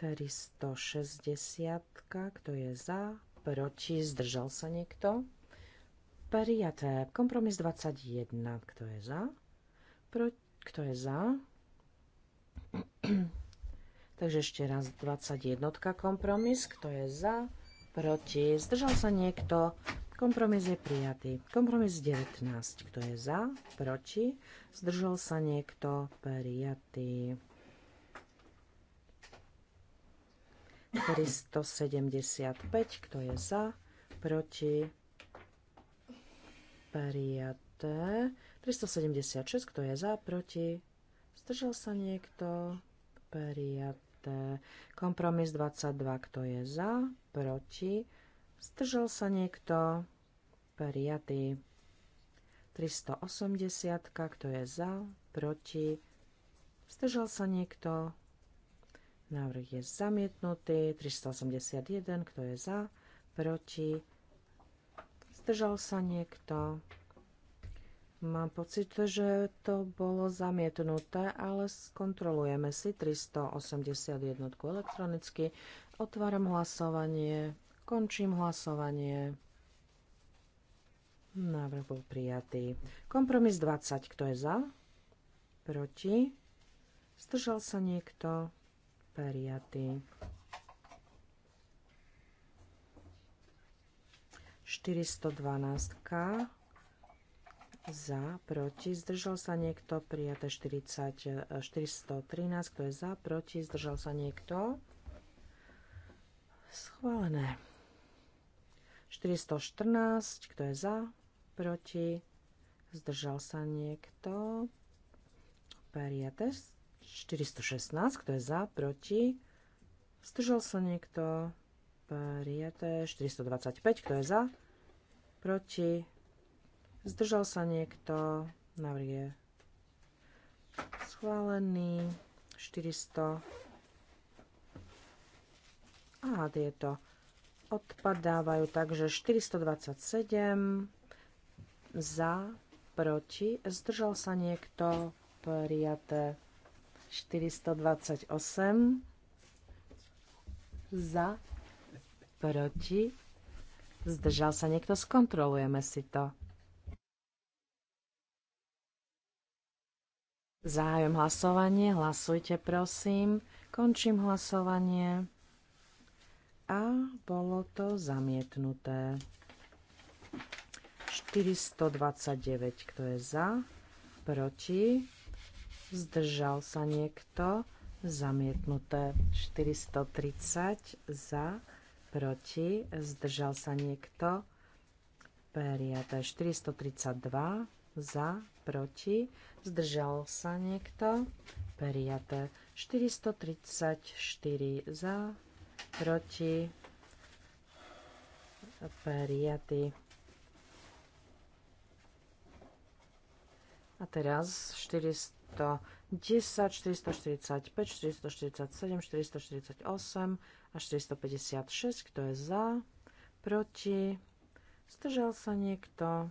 360, kto je za, proti, zdržal sa niekto, prijaté. Kompromis 21, kto je za, proti, kto je za, Takže ešte raz 21 kompromis, kto je za, proti, zdržal sa niekto, kompromis je prijatý. Kompromis 19, kto je za, proti, zdržal sa niekto, prijatý. 375, kto je za, proti, prijaté. 376, kto je za, proti, zdržal sa niekto, prijaté. Kompromis 22, kto je za, proti, zdržal sa niekto, prijatý. 380, kto je za, proti, zdržal sa niekto, návrh je zamietnutý. 381, kto je za, proti, zdržal sa niekto, Mám pocit, že to bolo zamietnuté, ale skontrolujeme si 381 elektronicky. Otváram hlasovanie, končím hlasovanie. Návrh bol prijatý. Kompromis 20. Kto je za? Proti? Zdržal sa niekto? Prijatý. 412 za, proti, zdržal sa niekto, prijaté 40, 413, e, kto je za, proti, zdržal sa niekto, schválené. 414, kto je za, proti, zdržal sa niekto, prijaté 416, kto je za, proti, zdržal sa niekto, prijaté 425, kto je za, proti, Zdržal sa niekto? navrie je schválený. 400. A tieto odpadávajú, takže 427 za, proti, zdržal sa niekto, prijaté 428 za, proti, zdržal sa niekto, skontrolujeme si to. Zájem hlasovanie, hlasujte prosím. Končím hlasovanie. A bolo to zamietnuté. 429, kto je za, proti, zdržal sa niekto, zamietnuté. 430 za, proti, zdržal sa niekto, prijaté. 432 za, proti, zdržal sa niekto, prijaté. 434 za, proti, prijatý. A teraz 410, 445, 447, 448 a 456, kto je za, proti, zdržal sa niekto,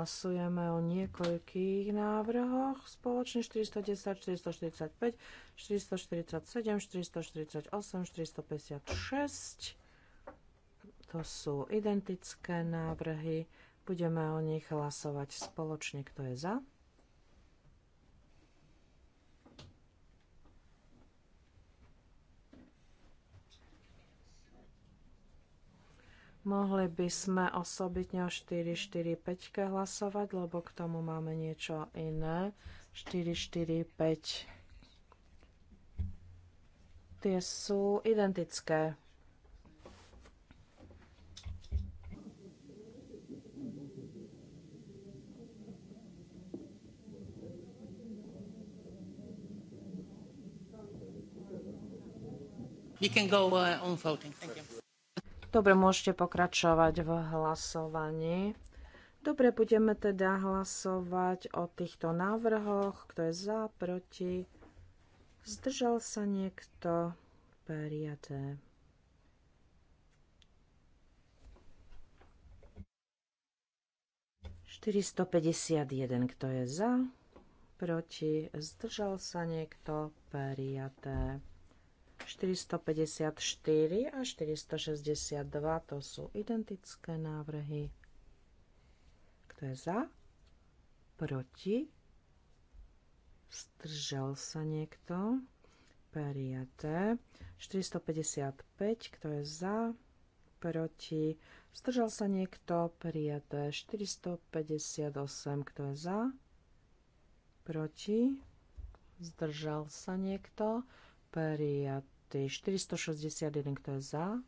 Hlasujeme o niekoľkých návrhoch spoločne 410, 445, 447, 448, 456. To sú identické návrhy. Budeme o nich hlasovať spoločne. Kto je za? Mohli by sme osobitne o 445 hlasovať, lebo k tomu máme niečo iné. 445. Tie sú identické. You can go uh, on voting. Thank you. Dobre, môžete pokračovať v hlasovaní. Dobre, budeme teda hlasovať o týchto návrhoch. Kto je za, proti? Zdržal sa niekto? Prijaté. kto je za, proti, zdržal sa niekto, prijaté. 454 a 462 to sú identické návrhy. Kto je za? Proti? Zdržal sa niekto? Periate. 455, kto je za? Proti? Stržal sa niekto? Periate. 458, kto je za? Proti? Zdržal sa niekto? prijatý. 461, kto je za,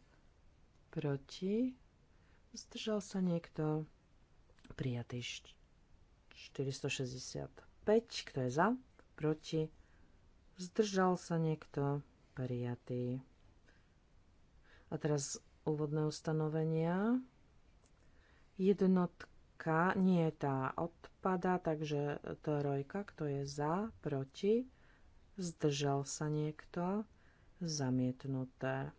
proti, zdržal sa niekto, prijatý. 465, kto je za, proti, zdržal sa niekto, prijatý. A teraz úvodné ustanovenia. Jednotka nie je tá odpada, takže rojka, kto je za, proti, zdržal sa niekto, zamietnuté.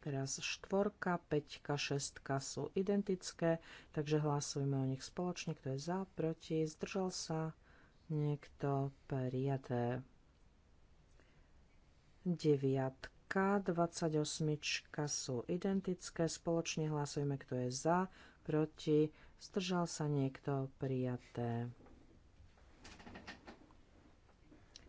Teraz štvorka, peťka, šestka sú identické, takže hlasujme o nich spoločne, kto je za, proti, zdržal sa, niekto, prijaté. Deviatka, dvacaťosmička sú identické, spoločne hlasujme, kto je za, proti, zdržal sa, niekto, prijaté.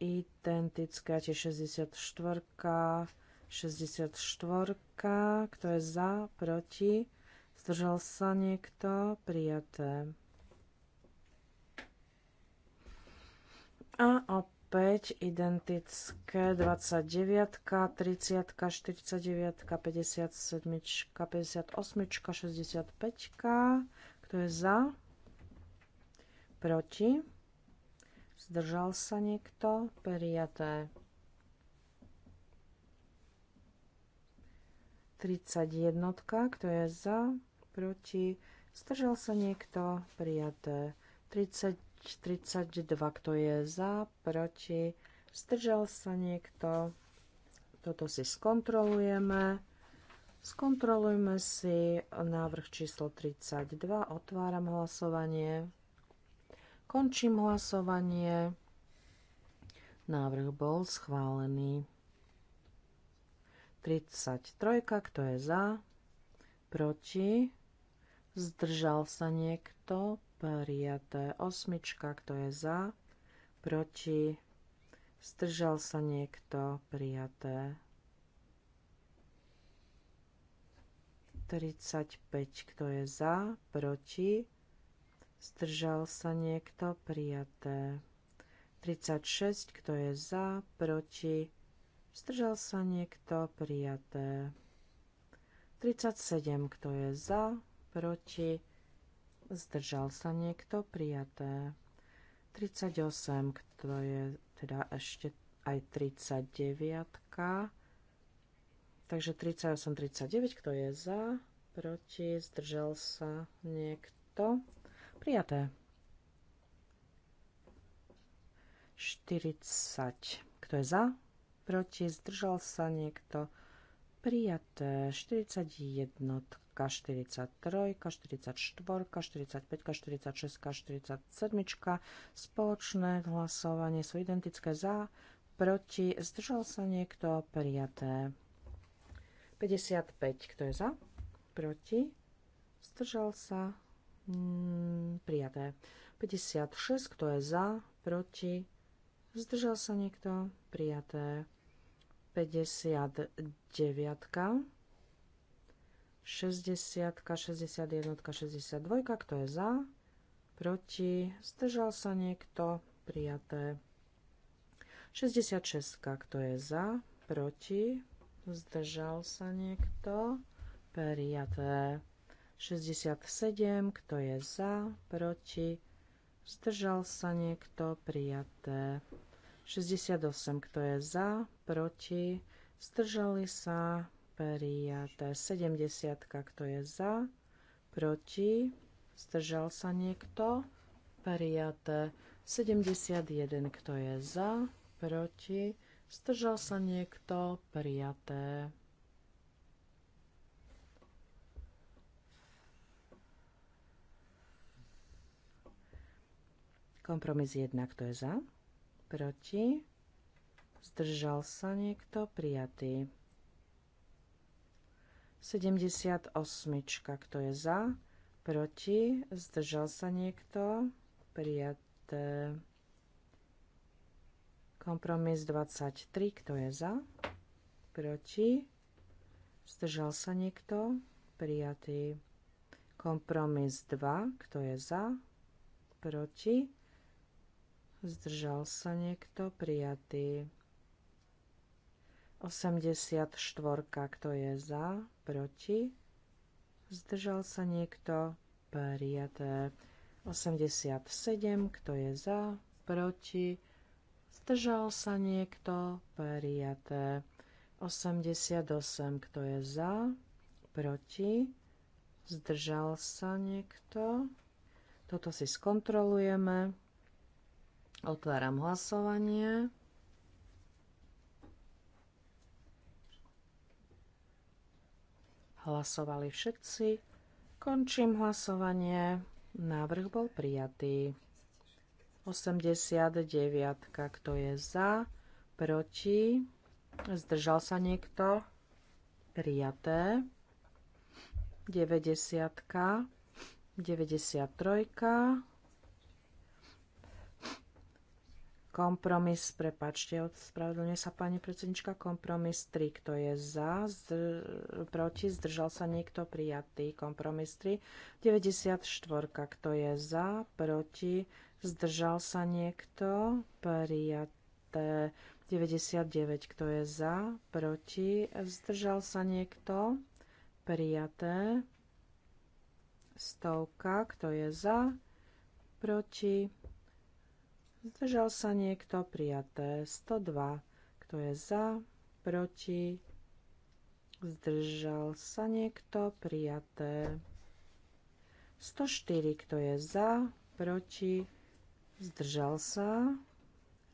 identická, tie 64, 64, kto je za, proti, zdržal sa niekto, prijaté. A opäť identické 29, 30, 49, 57, 58, 65, kto je za, proti, Zdržal sa niekto? Prijaté. 31. Kto je za? Proti? Zdržal sa niekto? Prijaté. 30, 32. Kto je za? Proti? Zdržal sa niekto? Toto si skontrolujeme. Skontrolujme si návrh číslo 32. Otváram hlasovanie. Končím hlasovanie. Návrh bol schválený. 33. Kto je za? Proti? Zdržal sa niekto? Prijaté. Osmička. Kto je za? Proti? Zdržal sa niekto? Prijaté. 35. Kto je za? Proti? Zdržal sa niekto? Prijaté. 36. Kto je za? Proti? Zdržal sa niekto? Prijaté. 37. Kto je za? Proti? Zdržal sa niekto? Prijaté. 38. Kto je teda ešte aj 39. Takže 38, 39. Kto je za? Proti? Zdržal sa niekto? Prijaté. 40. Kto je za? Proti? Zdržal sa niekto? Prijaté. 41, 43, 44, 45, 46, 47. Spoločné hlasovanie sú identické za, proti, zdržal sa niekto, prijaté. 55. Kto je za? Proti? Zdržal sa? Mm, prijaté. 56, kto je za, proti, zdržal sa niekto, prijaté. 59, 60, 61, 62, kto je za, proti, zdržal sa niekto, prijaté. 66, kto je za, proti, zdržal sa niekto, prijaté. 67, kto je za, proti, zdržal sa niekto, prijaté. 68, kto je za, proti, zdržali sa, prijaté. 70, kto je za, proti, zdržal sa niekto, prijaté. 71, kto je za, proti, zdržal sa niekto, prijaté. Kompromis 1, kto je za? Proti? Zdržal sa niekto? Prijatý. 78, kto je za? Proti? Zdržal sa niekto? Prijaté. Kompromis 23, kto je za? Proti? Zdržal sa niekto? Prijatý. Kompromis 2, kto je za? Proti? Zdržal sa niekto? Prijatý. 84. Kto je za? Proti? Zdržal sa niekto? Prijaté. 87. Kto je za? Proti? Zdržal sa niekto? Prijaté. 88. Kto je za? Proti? Zdržal sa niekto? Toto si skontrolujeme. Otváram hlasovanie. Hlasovali všetci. Končím hlasovanie. Návrh bol prijatý. 89. Kto je za? Proti? Zdržal sa niekto? Prijaté. 90. 93. Kompromis, prepačte, spravedlňuje sa pani predsednička, kompromis 3, kto je za, zdr, proti, zdržal sa niekto, prijatý. Kompromis 3, 94, kto je za, proti, zdržal sa niekto, prijaté. 99, kto je za, proti, zdržal sa niekto, prijaté. Stovka, kto je za, proti, Zdržal sa niekto? Prijaté. 102. Kto je za? Proti? Zdržal sa niekto? Prijaté. 104. Kto je za? Proti? Zdržal sa?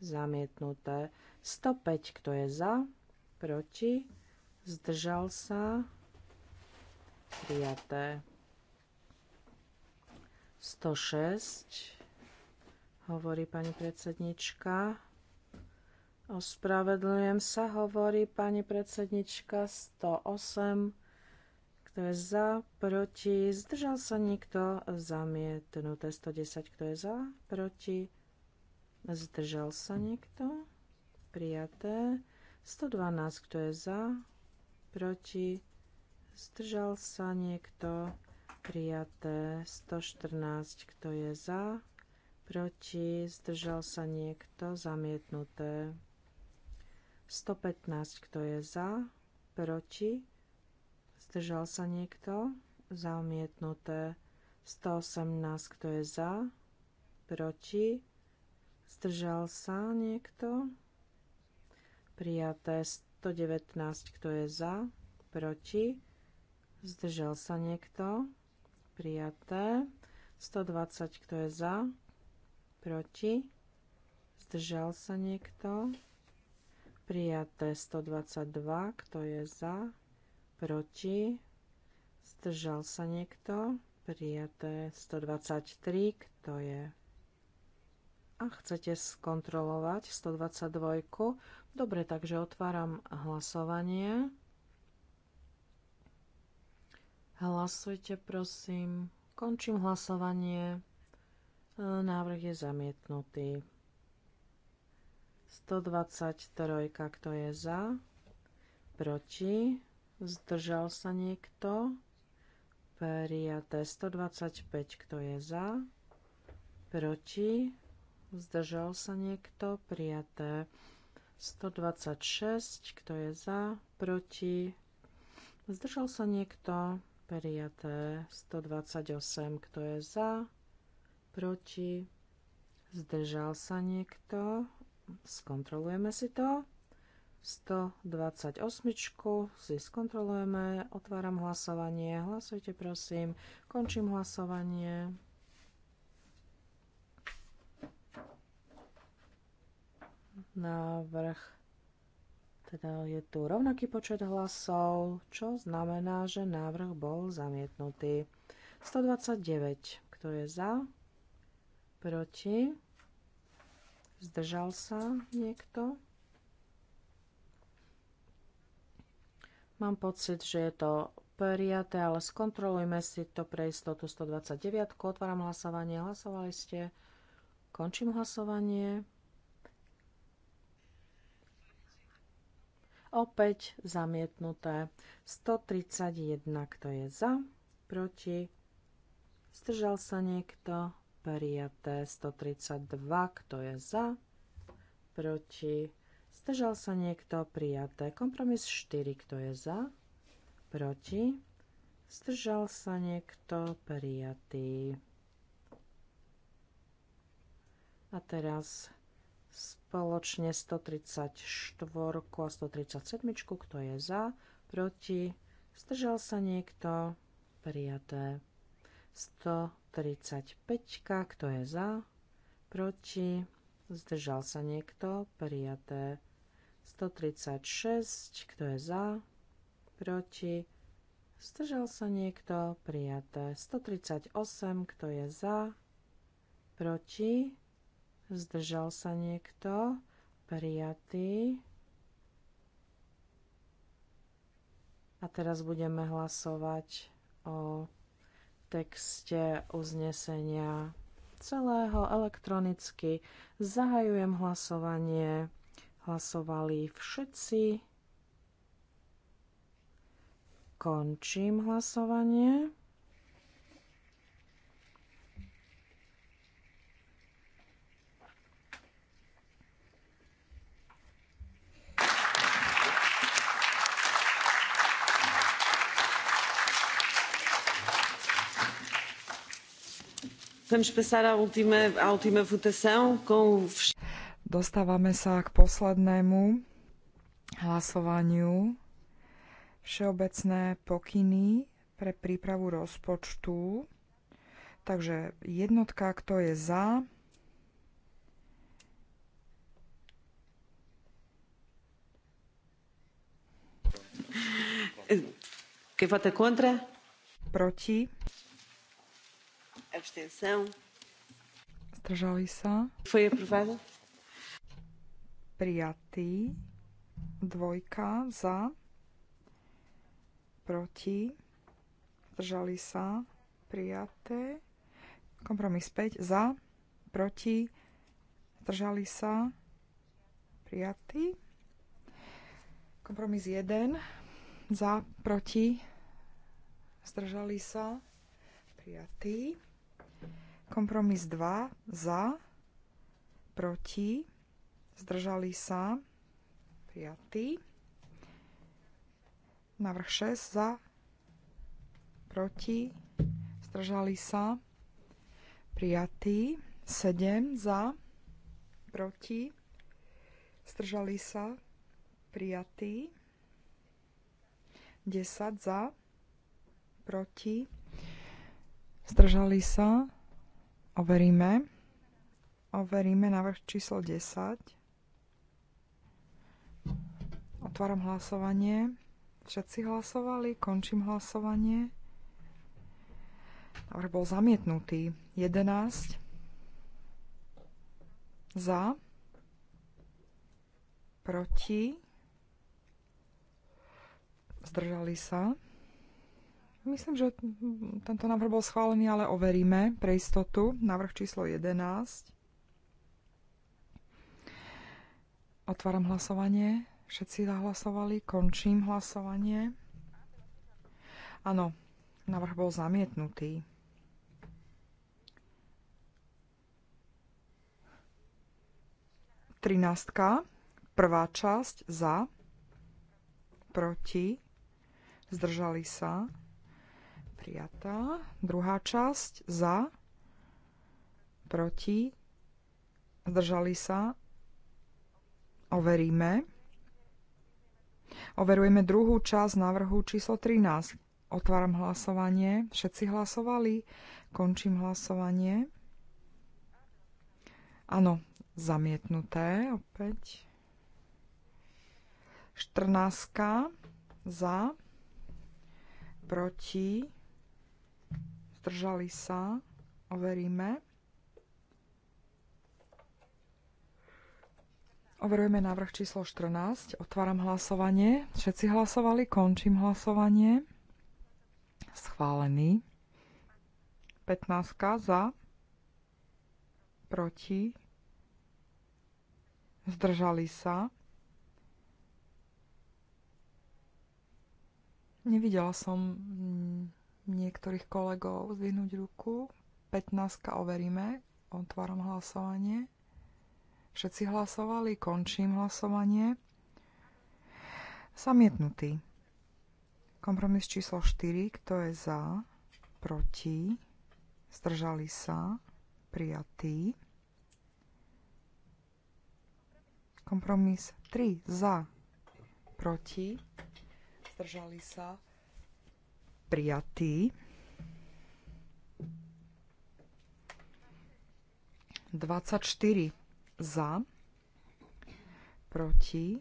Zamietnuté. 105. Kto je za? Proti? Zdržal sa? Prijaté. 106 hovorí pani predsednička. Ospravedlňujem sa, hovorí pani predsednička 108. Kto je za, proti, zdržal sa nikto, zamietnuté 110. Kto je za, proti, zdržal sa nikto, prijaté 112. Kto je za, proti, zdržal sa niekto, prijaté 114. Kto je za, proti, zdržal sa niekto, zamietnuté. 115, kto je za, proti, zdržal sa niekto, zamietnuté. 118, kto je za, proti, zdržal sa niekto, prijaté. 119, kto je za, proti, zdržal sa niekto, prijaté. 120, kto je za, proti, zdržal sa niekto, prijaté 122, kto je za, proti, zdržal sa niekto, prijaté 123, kto je a chcete skontrolovať 122. Dobre, takže otváram hlasovanie. Hlasujte, prosím. Končím hlasovanie. Návrh je zamietnutý. 123, kto je za? Proti? Zdržal sa niekto? Prijaté 125, kto je za? Proti? Zdržal sa niekto? Prijaté 126, kto je za? Proti? Zdržal sa niekto? Prijaté 128, kto je za? proti, zdržal sa niekto, skontrolujeme si to. 128 si skontrolujeme, otváram hlasovanie, hlasujte prosím, končím hlasovanie. Návrh, teda je tu rovnaký počet hlasov, čo znamená, že návrh bol zamietnutý. 129, kto je za? Proti? Zdržal sa niekto? Mám pocit, že je to prijaté, ale skontrolujme si to pre istotu 129. Otváram hlasovanie. Hlasovali ste. Končím hlasovanie. Opäť zamietnuté. 131, kto je za, proti. Zdržal sa niekto prijaté 132, kto je za, proti, zdržal sa niekto, prijaté kompromis 4, kto je za, proti, zdržal sa niekto, prijatý. A teraz spoločne 134 a 137, kto je za, proti, zdržal sa niekto, prijaté 100. 35, kto je za, proti, zdržal sa niekto, prijaté. 136, kto je za, proti, zdržal sa niekto, prijaté. 138, kto je za, proti, zdržal sa niekto, prijatý. A teraz budeme hlasovať o texte uznesenia celého elektronicky. Zahajujem hlasovanie. Hlasovali všetci. Končím hlasovanie. com Dostávame sa k poslednému hlasovaniu. Všeobecné pokyny pre prípravu rozpočtu. Takže jednotka, kto je za, Proti? Abstenção. Zdržali sa. Foi aprovado. Prijatý. Dvojka za. Proti. Zdržali sa. Prijaté. Kompromis 5 za. Proti. Zdržali sa. Prijatý. Kompromis 1 za. Proti. Zdržali sa. Prijatý. Kompromis 2 za, proti, zdržali sa, prijatý. navrh 6 za, proti, zdržali sa, prijatý. 7 za, proti, zdržali sa, prijatý. 10 za, proti, zdržali sa, Overíme. Overíme návrh číslo 10. Otváram hlasovanie. Všetci hlasovali. Končím hlasovanie. Návrh bol zamietnutý. 11. Za. Proti. Zdržali sa. Myslím, že tento návrh bol schválený, ale overíme pre istotu. Návrh číslo 11. Otváram hlasovanie. Všetci zahlasovali. Končím hlasovanie. Áno, návrh bol zamietnutý. Trinástka. Prvá časť za. Proti. Zdržali sa prijatá. Druhá časť za, proti, zdržali sa, overíme. Overujeme druhú časť návrhu číslo 13. Otváram hlasovanie. Všetci hlasovali. Končím hlasovanie. Áno, zamietnuté opäť. 14 za, proti, zdržali sa, overíme. Overujeme návrh číslo 14. Otváram hlasovanie. Všetci hlasovali. Končím hlasovanie. Schválený. 15 za. Proti. Zdržali sa. Nevidela som niektorých kolegov zvinúť ruku. 15 overíme. Otváram hlasovanie. Všetci hlasovali. Končím hlasovanie. Samietnutý. Kompromis číslo 4. Kto je za? Proti? Zdržali sa? Prijatý. Kompromis 3. Za? Proti? Zdržali sa? prijatý. 24 za, proti,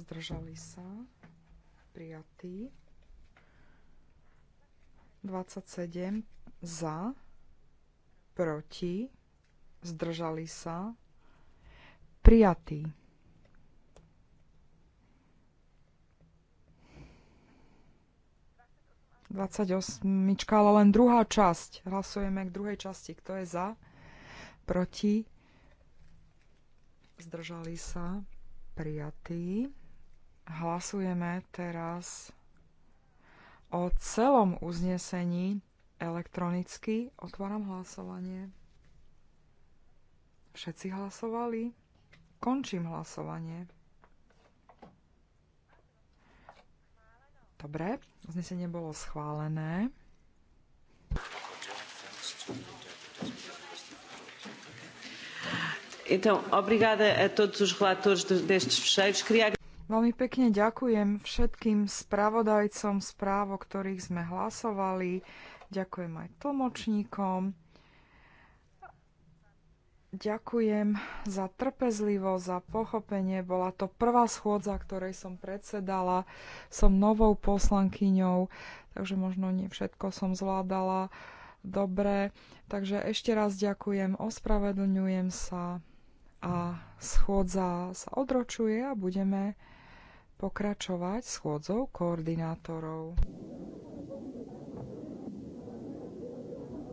zdržali sa, prijatý. 27 za, proti, zdržali sa, prijatý. 28, ale len druhá časť. Hlasujeme k druhej časti. Kto je za? Proti? Zdržali sa? Prijatí? Hlasujeme teraz o celom uznesení elektronicky. Otváram hlasovanie. Všetci hlasovali? Končím hlasovanie. Dobre, uznesenie bolo schválené. Veľmi pekne ďakujem všetkým spravodajcom správ, o ktorých sme hlasovali. Ďakujem aj tlmočníkom. Ďakujem za trpezlivosť, za pochopenie. Bola to prvá schôdza, ktorej som predsedala. Som novou poslankyňou, takže možno nie všetko som zvládala dobre. Takže ešte raz ďakujem, ospravedlňujem sa a schôdza sa odročuje a budeme pokračovať schôdzou koordinátorov.